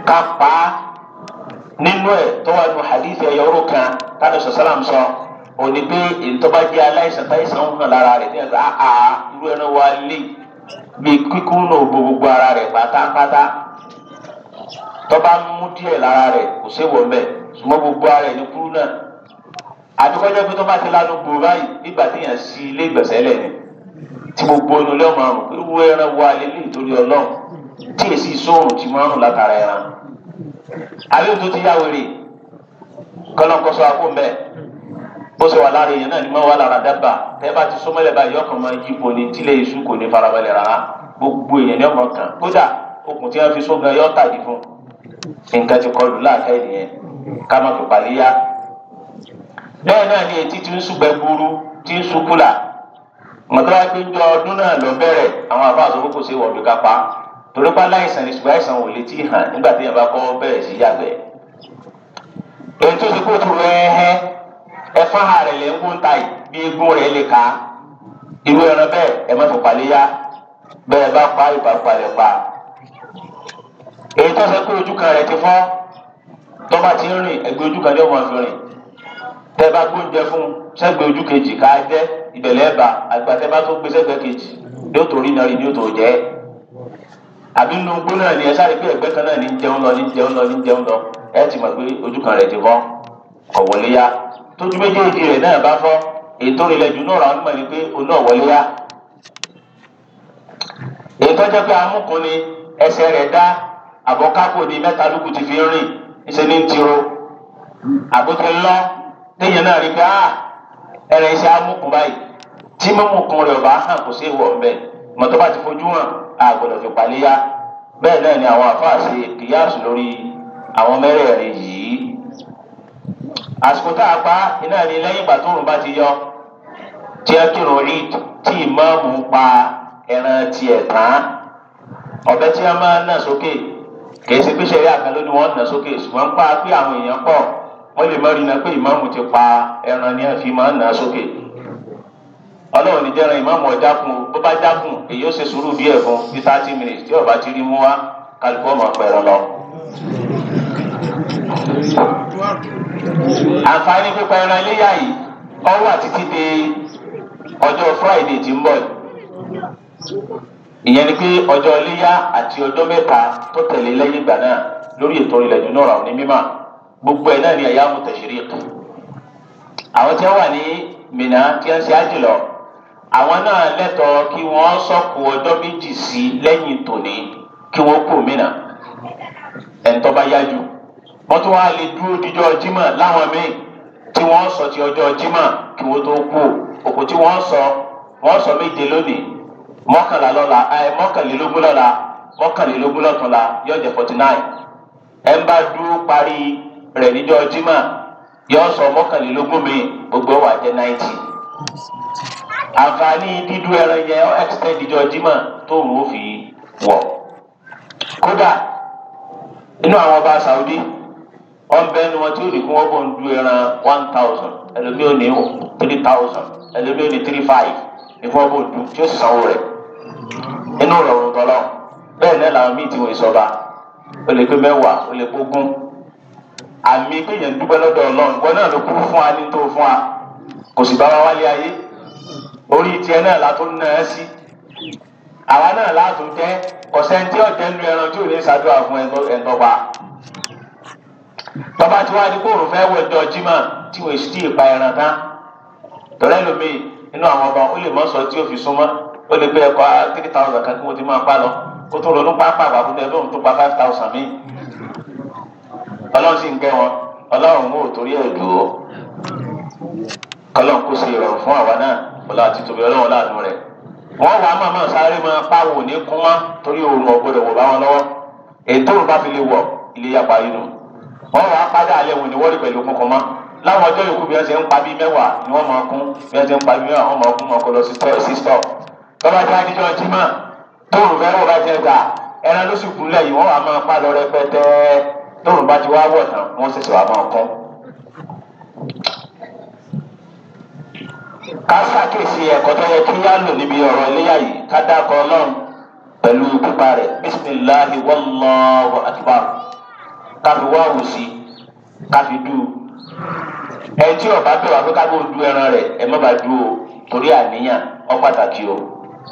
ká pa á nínú ẹ̀ tó wà nù hadith ẹ̀yọ́rò kan tàbí sọ̀sálàm sọ òní pé ìtọ́ba jẹ́ aláìsàn táìsàn ń hàn lára rẹ̀ ní ẹ̀ka àá irú ẹran wa lè bí kíkún náà bo gbogbo ara rẹ̀ pátápátá tọ́ba mú díẹ̀ lára rẹ̀ kò séwọ́ bẹ́ẹ̀ ṣùgbọ́n gbogbo ara ẹ̀ ní kúrú náà àdúgbọ́jọ́ pé tó bá ti lánàá gbòó báyìí nígbà tí èèyàn sí ilé ìgbọ̀nsẹ̀ lẹ̀ ni tí gbogbo inú ilé ọmọ àrùn pé wọ́n ẹran wọ alẹ́ ní ìtorí ọlọ́run tí èsì sóòrùn ti máa ń rùn látara ẹran àbíwò tó ti yá wèrè kọ́lọ́kọ́sọ àpò mbẹ́ bó ṣe wà lára èèyàn náà ni wọ́n wà lára dábà tẹ́ bá ti súnmọ́lẹ̀ báyìí ọkàn máa yí ipò ní tílé iṣu kò ní farabalẹ̀ rárá gbogbo èèyàn ní ọmọ kan kódà okùn tí wọ́n fi sógun ẹyọ́ tàdí fún nǹkan ti kọlù láàká ènìyàn ká má fi náà ni etí ti ń ti ń súkúlà mọ̀tàlá pé ń jọ ọdún náà lọ bẹ̀rẹ̀ àwọn àbá àtọ́kọ́ kò ṣe wọ̀bí kápá torí pa láìsàn ìṣùgbọ́n àìsàn ò hàn nígbà tí yẹn bá kọ́ sí yàgbẹ́. èyí tó ti kó tu rẹ́ẹ́hẹ́ ha rẹ̀ lè ń gún ta bí rẹ̀ lè ka irú ẹran bẹ́ẹ̀ ẹ̀ mọ́tò paléyà bẹ́ẹ̀ bá pa pa. èyí tó ojú kan rẹ̀ ti fọ́ tọ́ba ti ń rìn ẹgbẹ́ ojú kan jọ́ mọ̀ fi rìn tẹ́ bá gbóúnjẹ fún sẹ́gbẹ̀ẹ́ ojú kejì ká jẹ́ ìbẹ̀lẹ̀ ẹ̀bà àgbà tẹ́ bá tó gbé sẹ́gbẹ̀ẹ́ kejì yóò tó rí náà rí ni yóò tó jẹ́ àbí nínú gbó náà ni ẹ sáré pé ẹgbẹ́ kan náà ní jẹun lọ ní jẹun lọ ní jẹun lọ ẹ ti mọ̀ pé ojú kan rẹ̀ ti fọ́ ọ̀wọ́lé yá tójú méjèèjì rẹ̀ náà bá fọ́ ètò ìlẹ̀jù náà rà wọ́n mọ̀ pé oná ọ̀wọ́lé yá ètò jẹ́ pé amúkùn ni dá àbọ̀kápò ni mẹ́ta lókù ti fi rìn iṣẹ́ ní tiro àbótó ńlá téèyàn náà rí pé ah, á ẹrẹ iṣẹ́ amúkùn báyìí tí mọ́mùkùn rẹ̀ ọba hàn kò sí ìwọ̀ ọ̀bẹ mọ̀tọ́ bá ti fojú hàn àgbọ̀dọ̀ fi paléyà bẹ́ẹ̀ náà ni àwọn àfáà ṣe kìyàsù lórí àwọn mẹ́rẹ̀ẹ̀rin yìí àsìkò tá a pa iná ni lẹ́yìn ìgbà tóòrùn bá ti yọ tí ẹ kírun rí tí ìmáàmù pa ẹran tiẹ̀ tán ọ̀bẹ tí a máa ń nà sókè. Okay kì í ṣe pé ṣẹlẹ àkàlẹ ni wọn nà sókè ṣùgbọ́n pa pé àwọn èèyàn pọ̀ wọn lè má rí iná pé ìmáàmù ti pa ẹran ni àfi máa nà sókè Ọlọ́run ní jẹran ìmáàmù ọjà fún un bó bá já fún un èyí ó ṣe sùúrù bí ẹfun bí thirty minutes tí ọba ti rí mú wá kálukú ọmọ pẹrọ lọ. àǹfààní pípa ẹran iléyà yìí ọwọ́ àti títí ọjọ́ Friday ti ń bọ̀ yìí ìyẹn ni pé ọjọ́ iléyà àti ọjọ́ mẹ́ta tó tẹ̀lé lẹ́yìn ìgbà náà lórí ètò ìlẹ̀dùn náà rà ní mímọ́ gbogbo ẹ̀ náà ni ẹ̀yà mú tẹ̀sírí kù. àwọn tí wọ́n wà ní Mínà tí wọ́n ṣe àjùlọ àwọn náà lẹ́tọ̀ọ́ kí wọ́n sọ̀kù ọjọ́ méjì sí lẹ́yìn tòní kí wọ́n kù Mínà ẹ̀ńtọ́ bá yájú wọ́n tún wá lè dúró díjọ́ jímọ̀ láwọn míì tí wọ́n sọ ti ọjọ́ jímọ̀ kí wọ́n tó kù òkú tí wọ́n sọ wọ́n sọ méje lónìí mọ́kànlá lọ́la ẹ mọ́kànlélógún lọ́la mọ́kànlélógún lọ́túnla yóò jẹ́ forty nine ẹ ń bá dúró parí rẹ̀ níjọ́ jimá yóò sọ mọ́kànlélógún mi gbogbo wa jẹ́ ninety àǹfààní dídú ẹran yẹn ọ extend ìjọ jimá tó rò ó fi wọ̀ kódà inú àwọn ọba Saudi wọn bẹ ẹnu wọn tí ó ní kí wọn bọ̀ ń du ẹran one thousand ẹlòmíì ò ní three thousand ẹlòmíì ò ní three five ìfọwọ́bọ̀dù tí ó sanwó rẹ̀ inú rẹ̀ òrùn tọ́lọ́ bẹ́ẹ̀ náà làwọn míì ti wọ̀ ìsọba ó lè pé mẹ́wàá ó lè gbógún àmì kéèyàn dúpẹ́ lọ́dọ̀ ọlọ́run wọn náà ló kú fún wa ní tó fún wa kò sì bá wa wálé ayé orí tiẹ̀ náà la tó náà sí àwa náà látò jẹ́ ọ̀sẹ̀ntì ọ̀jẹ̀ nu ẹran tí ò ní ṣàdúrà fún ẹ̀ńtọ́ba tọ́ba tí wàá di kóòrò fẹ́ wọ ẹjọ́ jimá tí wọ́n ti pa ẹran tán tọ́lẹ́ lómi inú àwọn ọba ó lè mọ́ sọ tí ó fi súnmọ́ ó lè gbé ẹ̀kọ́ three thousand kan kí wọ́n ti máa bá lọ ó tó ronú pápá wà fún ẹgbẹ́ òun tó gba five thousand míì ọlọ́run sì ń gbẹ́ wọn ọlọ́run mú òtórí ẹ̀ dùn ó kọ́lọ́n kó sí ìrọ̀rùn fún àwa náà ọlá àti tóbi ọlọ́run láàánú rẹ̀ wọ́n wàá màmá sáré máa páwò ní kúmá torí òun ọ̀gbọ́dọ̀ wò bá wọn lọ́wọ́ ètò òrùba fi lè wọ̀ ilé yapa inú wọ́n wàá padà alẹ́ wọn ni wọ́n rí pẹ̀lú kúnkúnmá láwọn ọjọ́ yòókù bí wọ́n ṣe ń pa bí mẹ́wàá ni wọ́n máa kún bí wọ́n ṣe ń pa bí mẹ́wàá wọ́n máa kún máa kó lọ sí stọ́ọ̀ bàbá tí wọ́n ti jọ jí mọ́ tóun fẹ́ wọ́n bá jẹ gbà ẹran ló sì gúnlẹ̀ yìí wọ́n wà máa pa lọ rẹpẹtẹ tóun bá ti wá wọ̀ tán wọ́n ṣẹ̀ṣẹ̀ wà máa kọ́. ká ṣàkíyèsí ẹ̀kọ́ tó yẹ kí á lò níbi ọ̀rọ̀ iléyà yìí ká dákọ̀ ọlọ́run pẹ̀lú pípa rẹ̀ bisimilahi wallahu akbar ká fi wá òsì ká fi dùn ẹ tí ọba bẹ wà pé ká bó du ẹran rẹ̀ ẹ má bàa du o torí àníyàn ọ pàtàkì o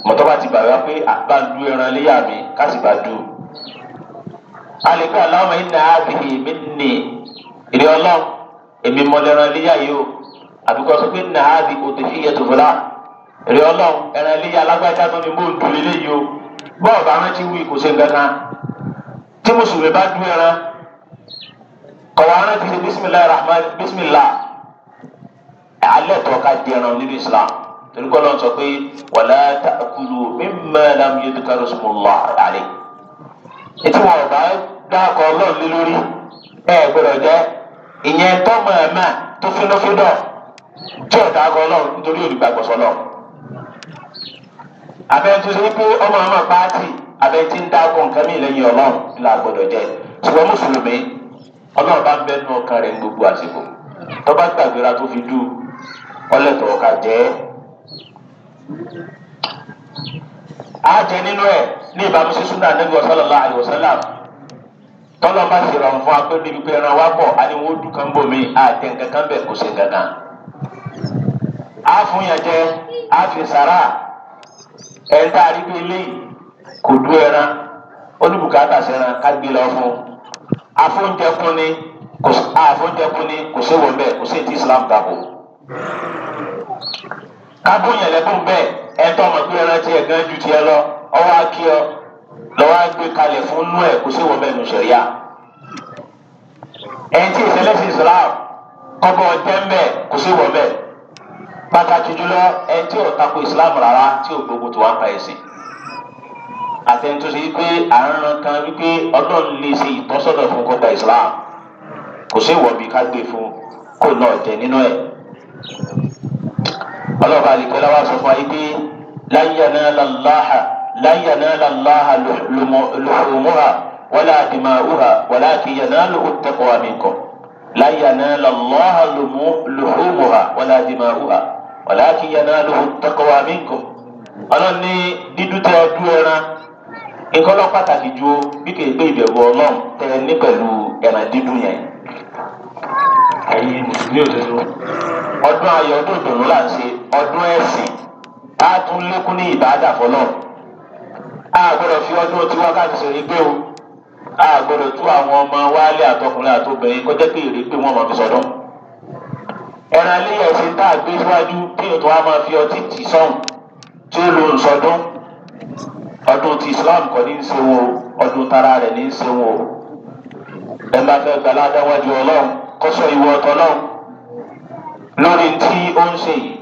mọ̀tọ́ bá ti bàbá pé àbá ń du ẹran léyà mi ká sì bá du. alẹ́kọ́ aláwọ̀ iná àbíyè mi nì ìrẹ́ ọlọ́run èmi mọ lẹ́ran léyà yìí o àbíkọ́ sọ pé nà á di òtò fi yẹtò fúnra ìrẹ́ ọlọ́run ẹran léyà alágbájá tó ni mò ń du eléyìí o bọ́ọ̀ bá rántí wí kò sí nǹkan kan tí mùsùlùmí bá du ẹran kọ̀wá rántí bisimilahi rahman bisimilah alẹ́ tó ká di ẹran nínú Islam torí kọ́ lọ́n sọ pé wàlá ta'kulu mimma lam yudhkar ismullah alayh ètò wọn ọba dáàkọ ọlọ́run lé lórí ẹ gbọ́dọ̀ jẹ́ ìyẹn tọ́mọ ẹ̀mà tó fínúfíndọ̀ tí ò dáàkọ ọlọ́run nítorí olùgbàgbọ́sọ náà abẹ́ntú sí pé ọmọ ọmọ pàtì abẹ́ntí ń dáàkọ nǹkan mi lẹ́yìn ọlọ́run là gbọ́dọ̀ jẹ́ ṣùgbọ́n mùsùlùmí ọlọ́run bá ń bẹ́ẹ̀ nù ọkàn rẹ̀ gbogbo àsìkò tọ́ba àjẹ nínú ẹ̀ ní ìbámu sí súnà níbi sallallahu alaihi wasallam tọ́lọ́ bá sì rọrùn fún akpé níbi pé ẹran wa pọ̀ àníwó dùkán bò mí àjẹ nkankan bẹ̀ kò sí nkankan. àfúnyàjẹ àfisàrà ẹ̀ńtà àrígbé léyìí kò dú ẹran olùbùkátà sẹ́ran kágbé lọ fún. àfúnjẹkùnni kò sí àfúnjẹkùnni kò sí wọ̀nbẹ kò sí ti Islam dàbò kábòyàn lẹ́bùn bẹ́ẹ̀ ẹ̀tọ́ ọmọ pé ẹran tiẹ̀ gan ju tiẹ̀ lọ ọwọ́ akí ọ lọ́wọ́ gbé kalẹ̀ fún nú ẹ̀ kó sì wọ́n mẹ́nu sẹ̀ríà. ẹ̀yìn tí ìṣẹ̀lẹ̀ sí Islam kọ́bọ̀ tẹ́ḿbẹ̀ kó sì wọ́n bẹ́ẹ̀ pàtàkì jùlọ ẹ̀yìn tí ò tako Islam rárá tí ò gbogbo tó wá ń pa ẹ̀sìn. àtẹnudọ́sọ yìí pé àárín kan wípé ọlọ́run lè ṣe ìtọ́sọ́nà fún kọ́gbà Islam kò sí ìwọ̀bí ká gbé fún kó náà jẹ nínú ẹ̀ ọlọ́ọ̀bá àlìkọ́lá wa sọ fún wa yìí pé láyé náà lálàáhà láyé náà lálàáhà lùhùmùhà wàlá àdìmáhùhà wàlá àkìyà náà ló tẹkọ̀ wà mí kọ́ láyé náà lálàáhà lùhùmùhà wàlá àdìmáhùhà wàlá àkìyà náà ló tẹkọ̀ wà ọdún ẹran nǹkan lọ́ pàtàkì ju bí kò gbé ìbẹ̀wò ọlọ́run tẹ ní pẹ̀lú ẹran dídú yẹn ẹ̀yin mùsùlùmí òdodo ọdún ayọ̀ ọdún ìdùnnú là ń ṣe ọdún ẹ̀sìn tá a tún lékún ní ìbáàdà fọlọ́ a gbọ́dọ̀ fi ọdún tí wákàtí sèré gbé o a gbọ́dọ̀ tú àwọn ọmọ wálé àtọkùnrin àtobìnrin kọjá pé èrè pé wọ́n mọ̀ fi sọ̀dọ̀ ẹran ilé ẹ̀sìn tá a gbé síwájú kí ètò wa máa fi ọtí tì sọ́hùn tí ó lo nsọdún ọdún ti Islam kọ́ ní í o ọdún tara rẹ̀ ní í o ẹ máa fẹ́ gbà ládàwájú Ọlọ́run kọsọ ìwọ ọtọlọrun lórí tí ó ń ṣe yìí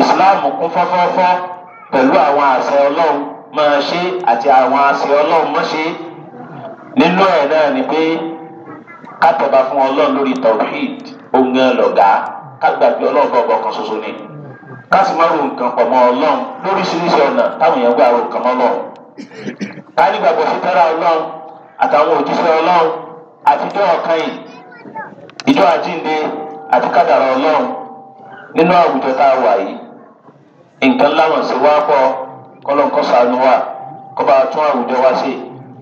islam kún fọfọfọ pẹ̀lú àwọn àṣẹ Ọlọ́run máa ṣe àti àwọn àṣẹ Ọlọ́run má ṣe nínú ẹ náà ni pé kátọba fún Ọlọ́run lórí tawhid ogun ẹlọgá kágbàgbé Ọlọ́run bọbọ kan ṣoṣo ni kásìmọrò nǹkan pọ̀ mọ́ Ọlọ́run lóríṣiríṣi ọ̀nà táwọn èèyàn gbà ro nǹkan mọ́ Ọlọ́run ká nígbàgbọ́ sí tẹ́lá Ọlọ́run àtàwọn òjíṣẹ́ Ọlọ́run àtijọ́ ọ̀kan yìí ìjọ àjínde àti kádàrá ọlọ́run nínú àwùjọ tá a wà yìí nǹkan láwọn sí wá pọ̀ kọ́lọ́nkọ́ sànú wa kó bá tún àwùjọ wa sí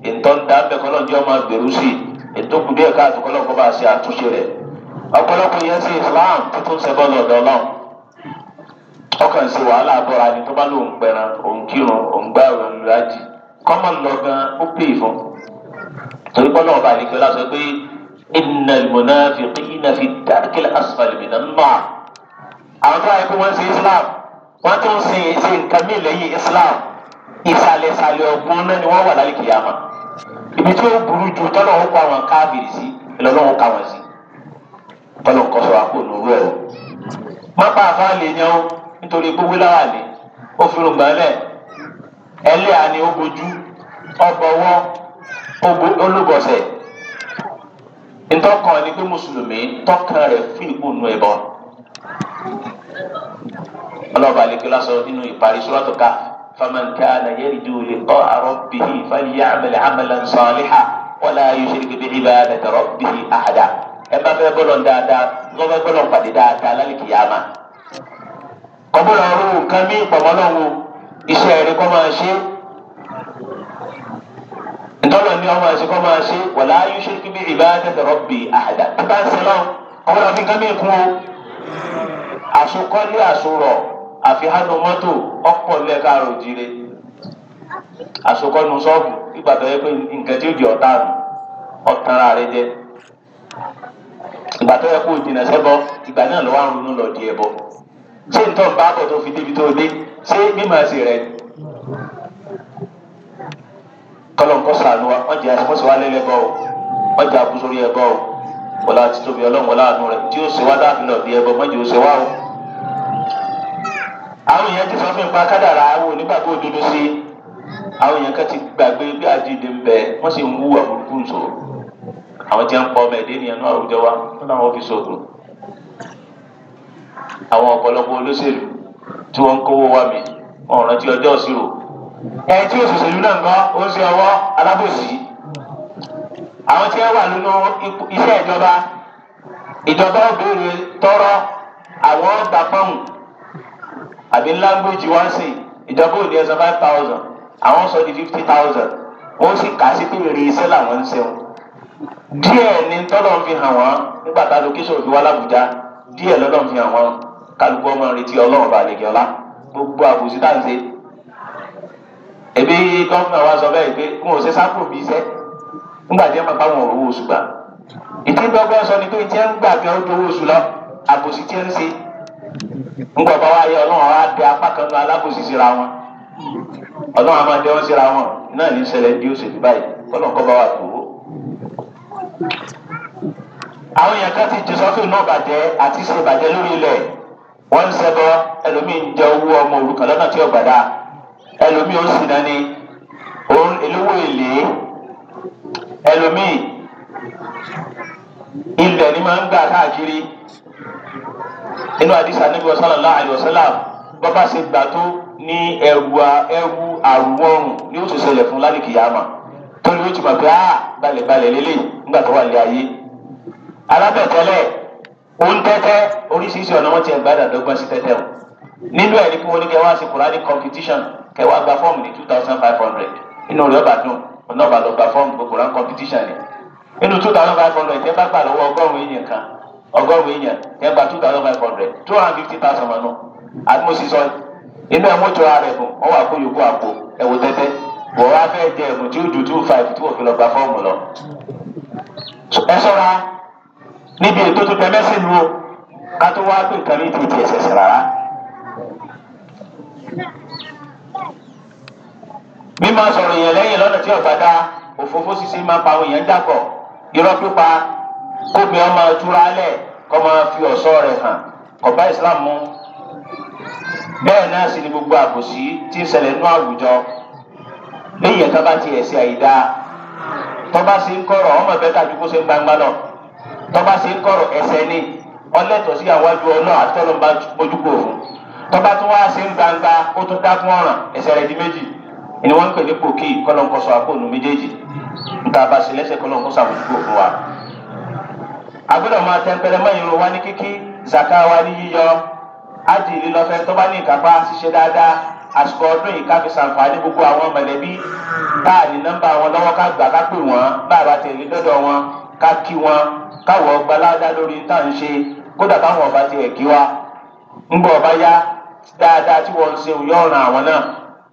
ètò dá bẹ́ẹ̀ kọ́lọ́njọ́ máa gbèrú sí ètò kùdí ẹ̀ka àti kọ́lọ́nkọ́ bá ṣe àtúnṣe rẹ̀ ọ̀pọ̀lọpọ̀ yẹn sí Islam tuntun ṣẹbọ́ lọ́dọ̀ náà ọkàn sí wàhálà àbọ̀ra ni tó bá lóun pẹ̀ràn òun kírun òun gbá òun lọ́jì kọ́mọ̀ lọ́gán ó pè fún torí bọ́lá ọba àlejò láṣọ pé inna المنافقين في الدرك darkil من minan nar. àwọn tó wáyé kó wọ́n ṣe islam wọ́n tún ṣe ṣe nǹkan mí lẹ́yìn islam ìsàlẹ̀ ìsàlẹ̀ ọ̀gbun náà ni wọ́n wà lálẹ́ kìyàmá ibi tí ó burú ju tọ́lọ̀ ń kó àwọn káàbìrì sí ìlọ́lọ́wọ́ ká wọn sí tọ́lọ̀ ń kọ́ sọ àpò nùrú ẹ̀rọ. má bàa fà lè yan o nítorí gbogbo láwà lè ó fi rògbà lẹ̀ ẹlẹ́yà ni ó bojú ọgbọ̀wọ́ olúbọ̀sẹ̀ ntọ́kàn ni pé mùsùlùmí tọ́kàn rẹ̀ fún ìgbónú ẹ̀bọ. ọlọ́ba àlekè lásán nínú ìparí sọ́rọ́tò ká faman kana yarju liqa'a rabbih falya'mal 'amalan salihan wala yushrik bi'ibadati rabbih ahada. ẹ bá fẹ́ bọ́lọ̀ dáadáa lọ́wọ́ bọ́lọ̀ pàdé dáadáa lálẹ́kìyàmá. kọ́bọ̀lọ̀ ọ̀rùn kan mí pàmọ́lọ́wọ́ iṣẹ́ rẹ̀ kọ́ máa ṣe ntọ́lọ̀ ní ọmọ ẹ̀sìn kọ́ máa ṣe wàlá ayé ṣe kí bí ibadati rabbi ahada bá ń sẹ́lọ̀ ọmọ náà fi nǹkan mí kú o àsokọ́lé àsorọ̀ àfihàn mọ́tò ọ̀pọ̀ lẹ́kàrọ̀ òjire àsokọ́nu sọ́ọ̀bù ìgbà tó yẹ pé nǹkan tí ó di ọ̀tá ọ̀tara rẹ jẹ ìgbà tó yẹ kó o jìnà sẹ́bọ ìgbà náà lọ́wọ́ àrùn ló lọ di ẹbọ ṣé tó fi débi tó dé ṣé mímọ̀ ẹ̀sìn kọ́lọ̀ nǹkan sànù wa wọ́n jẹ́ àsìmọ́sí wa lẹ́lẹ́ bọ́ o wọ́n jẹ́ àkú sórí ẹbọ o wọ́n láti tóbi ọlọ́run wọ́n láàánú rẹ̀ tí ó ṣe wá dáàfin lọ bí ẹbọ mọ́jì ó ṣe wá o. àwọn èèyàn ti sọ fún ipa kádàrà àwọn onígbàgbọ́ òdodo sí àwọn èèyàn kan ti gbàgbé bí àjíǹde ń bẹ wọ́n sì ń wú àbùrùkù sọ àwọn tí ń pọ ọmọ ẹ̀dẹ́ ènìyàn náà àwùjọ wa wọ́n láwọn fi sọ̀rọ̀ àwọn ọ̀pọ̀lọpọ̀ olóṣèlú tí wọ́n ń kówó wá mi wọn ò rántí ọjọ́ ìṣirò ẹ tí yóò ṣòṣèlú náà gan ó ń alábòsí àwọn tí ẹ wà nínú iṣẹ́ ìjọba ìjọba òbèrè tọrọ àwọn ọgbà pọ́ùn àbí láńgbèjì wọ́n sì ìjọba òní ẹ̀sán five thousand àwọn sọ di fifty thousand wọ́n sì kà sí pé èrè iṣẹ́ làwọn ń ṣeun díẹ̀ ni tọ́lọ̀ fi hàn wọ́n nígbà tá location fi wá lábùjá díẹ̀ lọ́lọ́ fi hàn wọ́n kálukú ọmọ retí ọlọ́run bá lè kí gbogbo àbòsí tá à ń ṣe ebi gọ́fìnà wa sọ bẹ́ẹ̀ pé n ò ṣe sáfù bí iṣẹ́ nígbà tí ẹ máa bá wọn owó oṣù gbà ìdí dọ́gbọ́n sọ ni pé tí ẹ ń gbà kí wọ́n dowó oṣù lọ àbòsí tí ẹ ń ṣe ńgbà bá wa yẹ ọlọ́run wa dẹ apá kan náà alábòsí síra wọn ọlọ́run a máa dẹ wọn síra wọn náà ní ṣẹlẹ̀ bí òṣèlú báyìí fọlọ́n kọ́ bá wa tó o. àwọn èèyàn kan ti jùsọ́tò náà bàjẹ́ àti ṣe bàjẹ́ lórí ilẹ̀ wọ́n ń ṣẹbọ ẹlòmíín jẹ owó ọmọ òrukàn lọ́nà tí ó ẹlòmíì ó sì náà ni òun ìlúwò èlé ẹlòmíì ilẹ̀ ni máa ń gbà káàkiri nínú àdìsá níbi ọ̀sán lọ́la àdìọ̀sánlá bọ́bá ṣe gbà tó ní ẹwu ẹwu àrùwọ̀rùn ni ó sì ṣẹlẹ̀ fún lálìkìyàmà torí ó ti mọ̀ pé áà ah, balẹ̀balẹ̀ lélẹ̀ nígbà tó wà lé ayé alábẹ̀tẹ́lẹ̀ òun tẹ́tẹ́ oríṣiríṣi ọ̀nà wọn ti ẹ̀gbá ìdàdọ́gbọ́n sí tẹ́tẹ́ o nínú ẹ̀ ní kí wọ́n ní kí wọ́n á ṣe kùránì competition kẹwàá gba fọ́ọ̀mù ní two thousand five hundred inú rẹ̀ ọba dùn ọ̀nà lọ gba gbogbo rán competition ni inú two thousand five hundred tẹ́ bá gbà lọ́wọ́ ọgọ́rùn-ún èèyàn kan ọgọ́rùn-ún èèyàn tẹ́ gba two thousand five hundred two hundred fifty bí máa sọ̀rọ̀ èèyàn lẹ́yìn lọ́nà tí ọ̀gá dá òfófó ṣiṣẹ́ máa pa àwọn èèyàn dàpọ̀ irọ́ pípa kóbi ọmọ túra lẹ̀ kọ́ máa fi ọ̀ṣọ́ rẹ̀ hàn kò bá Islam mu bẹ́ẹ̀ náà sì ni gbogbo àbòsí tí ń ṣẹlẹ̀ nú àwùjọ lẹ́yìn ẹ̀ka bá ti ẹ̀sìn àyídá tọ́ba ṣe ń kọ̀rọ̀ ọmọ ẹ̀fẹ́ tàbí kó ṣe ń gbangba lọ tọ́ba ṣe ń kọ̀rọ̀ ẹ̀sẹ̀ ni ọlẹ́tọ̀ sí àwájú ọlọ́ọ̀ àtọ́lọ́mọba mójúkò fún tọ́ba tó wá ṣe ń gbangba ó tó dá ọ̀ràn ẹ̀sẹ̀ rẹ̀ di méjì. ẹni wọn ń pè ní pòkì kọlọńkọsọ àpònù méjèèjì nta abasi lẹsẹ kọlọńkọsọ àmójúkò fún wa. agbọ́dọ̀ máa tẹnpẹlẹ mọ́ ìrun wa ní kíkí zaka wa ní yíyọ ájì lílọfẹ tó bá ní ìkápá ṣiṣẹ́ dáadáa àsìkò ọdún yìí ká fi ṣàǹfààní gbogbo àwọn mọ̀lẹ́bí wọn lọ́wọ́ ká wọn bá wọn ká kí wọn lórí tá à ń ọba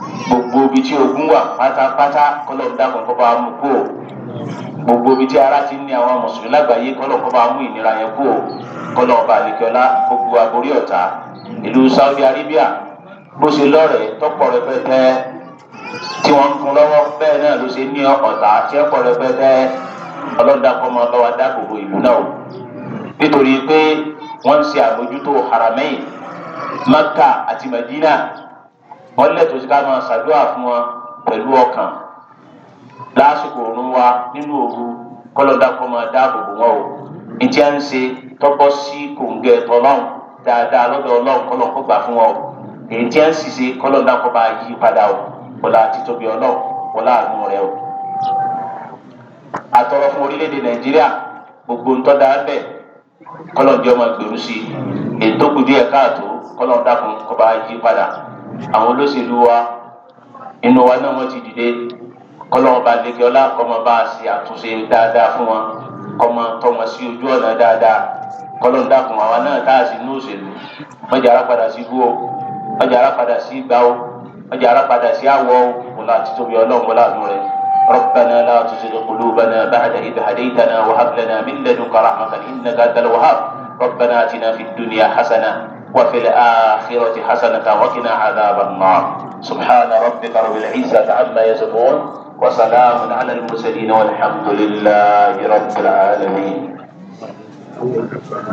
gbogbo ibi tí ogun wà pátápátá kọlọ ń dàgbọn kọba mú kú o gbogbo ibi tí ara ti ń ní àwọn mùsùlùmí lágbàáyé kọlọ kọba mú ìnira yẹn kú o kọlọ ọba àlekẹọlá gbogbo agorí ọ̀tá ìlú Saudi Arabia bó ṣe lọrẹ tọpọ rẹpẹtẹ tí wọn ń kun lọ́wọ́ bẹ́ẹ̀ náà ló ṣe ní ọ̀tá tí ọpọ rẹpẹtẹ ọlọ́dàkọ́mọ bá wa dáàbòbò ìlú náà o nítorí pé wọ́n ń ṣe àmójútó haramẹ́yìn Maka àti Madina wọ́n lẹ̀ tó ti ká máa ṣàdúrà fún wọn pẹ̀lú ọkàn lásìkò òórùn wa nínú òru kọ́lọ́dá kọ́ máa dáàbò bò wọ́n o ìtí à ń ṣe tọ́pọ́ sí kòǹgẹ́ tọ́lọ́hún dáadáa lọ́dọ̀ ọlọ́run kọ́lọ́ kó gbà fún wọn o èyí tí à ń ṣiṣẹ́ kọ́lọ́dá kọ́ bá yí padà o wọlá títóbi ọlọ́run wọlá àánú rẹ o. àtọrọ fún orílẹ̀-èdè nàìjíríà gbogbo ń tọ́da bẹ́ẹ̀ kọ́lọ́dé ọmọ gbèrú sí ètò kùdí ẹ̀ káàtó kọ́lọ́dá bá yí padà àwọn olóṣèlú wa inú wa náà wọ́n ti dìde kọ́lọ́wọ́n bá lékè ọlá kọ́mọ bá a ṣe àtúnṣe dáadáa fún wọn kọ́mọ tọ́mọ sí ojú ọ̀nà dáadáa kọ́lọ́n dákun àwa náà tá a sì ní òṣèlú wọ́n jẹ́ ara sí ibú wọ́n jẹ́ ara sí ìgbà o wọ́n jẹ́ ara sí àwọ̀ o wọ́n láti tóbi ọlọ́run wọ́n láàánú rẹ̀ ربنا لا تزغ قلوبنا بعد إذ هديتنا وهب لنا من لدنك رحمة إنك أنت الوهاب ربنا آتنا في الدنيا حسنة وفي الآخرة حسنة وقنا عذاب النار سبحان ربك رب العزة عما يصفون وسلام على المرسلين والحمد لله رب العالمين